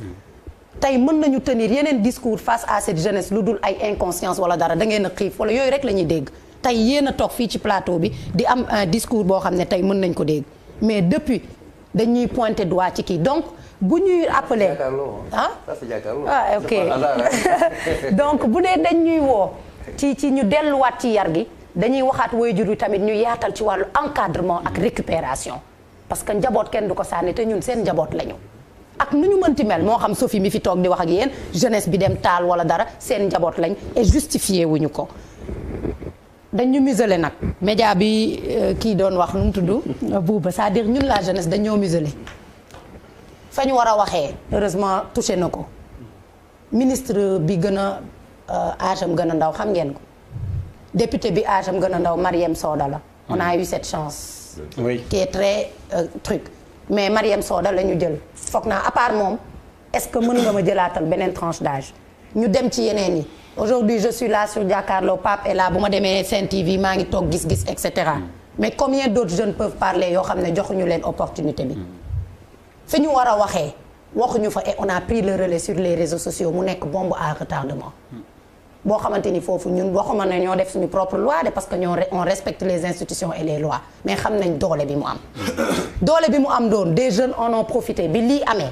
B: tey mën nañu tenir yeneen discours face à cette jeunesse lu dul ay inconscience wala dara da ngeen a xiif rek la ñuy dégg tey yéen a toog fii ci plateau bi di am un discours boo xam ne tey mën nañ ko dégg mais depuis dañ ñuy pointer doigt ci kii donc bu ñuy appelé ah ah ok donc bu dee dañ ñuy woo ci ci ñu delluwaat ci yar gi dañuy waxaat woy jur wi tamit ñu yaatal ci wàllu encadrement ak récupération parce que njaboot kenn du ko sànni te ñun seen njaboot lañu ak nu ñu mënti mel moo xam Sophie mi fi toog di wax ak yéen jeunesse bi dem taal wala dara seen njaboot lañ et justifié wuñu ko dañu muselé nag média bi euh, kii doon wax nu mu tudd buuba c'est-à-dire ñun la jeunesse dañoo muselé fa ñu war a waxee heureusement touché na ko ministre bi gën a euh, âge am gën a ndaw xam ngeen ko député bi âge am gën a ndaw Mariam Soda la on a eu cette chance oui. très euh, mais Mariam Soda la ñu jël foog naa à part moom est-ce que mën nga ma jëlaatal beneen tranche dage ñu dem ci yeneen yi aujourd'hui je suis là sur Jakaarlo Pape est là bu ma demee Sen TV maa ngi toog gis-gis et cetera mm. mais combien d'autres jeunes peuvent parler yoo xam ne joxuñu leen opportunité bi mm. fi ñu war a waxee waxuñu fa et on a pris le relais sur les réseaux sociaux mu nekk bomb à retardement mm. boo xamante ni foofu ñun waxuma ne ñoo def suñu propre loi de parce que ñoo on respecte les institutions et les lois mais xam nañ doole bi mu am doole bi mu am doon des jeunes en ont profité bi lii amee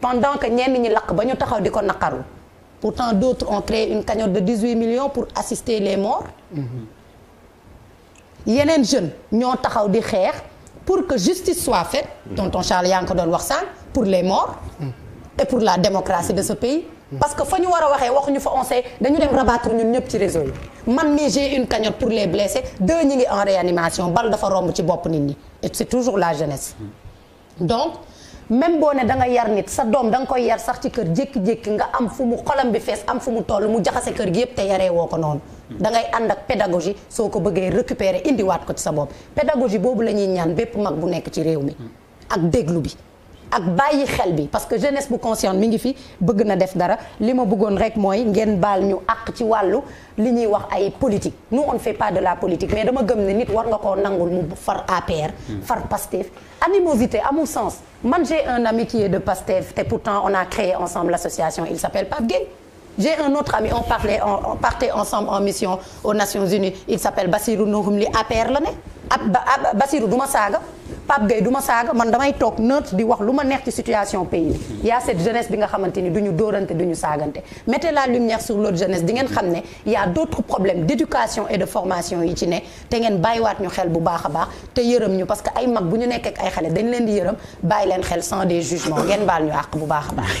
B: pendant que ñenn ñi lakk ba ñu taxaw di ko naqaru pour temps d'autres ont créé une cagnotte de 18 millions pour assister les morts. yeneen jeunes ñoo taxaw di xeex pour que justice soit faite. tonton Charles yaa ngi ko doon wax sànq pour les morts. et pour la démocratie de ce pays. parce que fa ñu war a waxee wax waxuñu fa on sait dañu dem rabattre ñun ñëpp ci réseau yi man mii j'ai une cagnotte pour les blessés deux ñi ngi en réanimation bal dafa romb ci bopp nit ñi et c'est toujours la jeunesse donc. même boo ne da nga yar nit sa doom danga koy yar sax ci kër jékki-jékki nga am fu mu xolam bi fees am fu mu toll mu jaxase kër gi yëpp te yaree woo ko noonu. dangay ànd ak pédagogie soo ko bëggee récupérer indiwaat ko ci sa bopp pédagogie boobu la ñuy ñaan bépp mag bu nekk ci réew mi. ak déglu bi. ak bàyyi xel bi parce que jeunesse bu consciente mi ngi fi bëgg na def dara li ma bëggoon rek mooy ngeen baal ñu àq ci wàllu li ñuy wax ay politique nous on ne fait pas de la politique mais dama gëm ne nit war nga koo nangul mu far APR hmm. far PASTEF animosité amul sens man j'ai un ami qui est de PASTEF te pourtant on a créé ensemble l'association il s'appelle Pape Gueye j'ai un autre ami on parlait on partait ensemble en mission aux Nations Unies il s'appelle Bassirou Nouhoum li la ne ab Bassirou du ma saaga Pape Gueye du ma saaga man damay toog neutre di wax lu ma neex ci situation pays bi y cette jeunesse bi nga xamante ni duñu ñu dóorante du ñu saagante mettez la lumière sur l'autre jeunesse di ngeen xam ne y a d'autres problèmes d'éducation et de formation yi ci ne te ngeen bàyyiwaat ñu xel bu baax a baax te yërëm ñu parce que ay mag bu ñu nekk ay xale dañ leen di yërëm bàyyi leen xel sans des jugements ngeen baal ñu àq bu baax a baax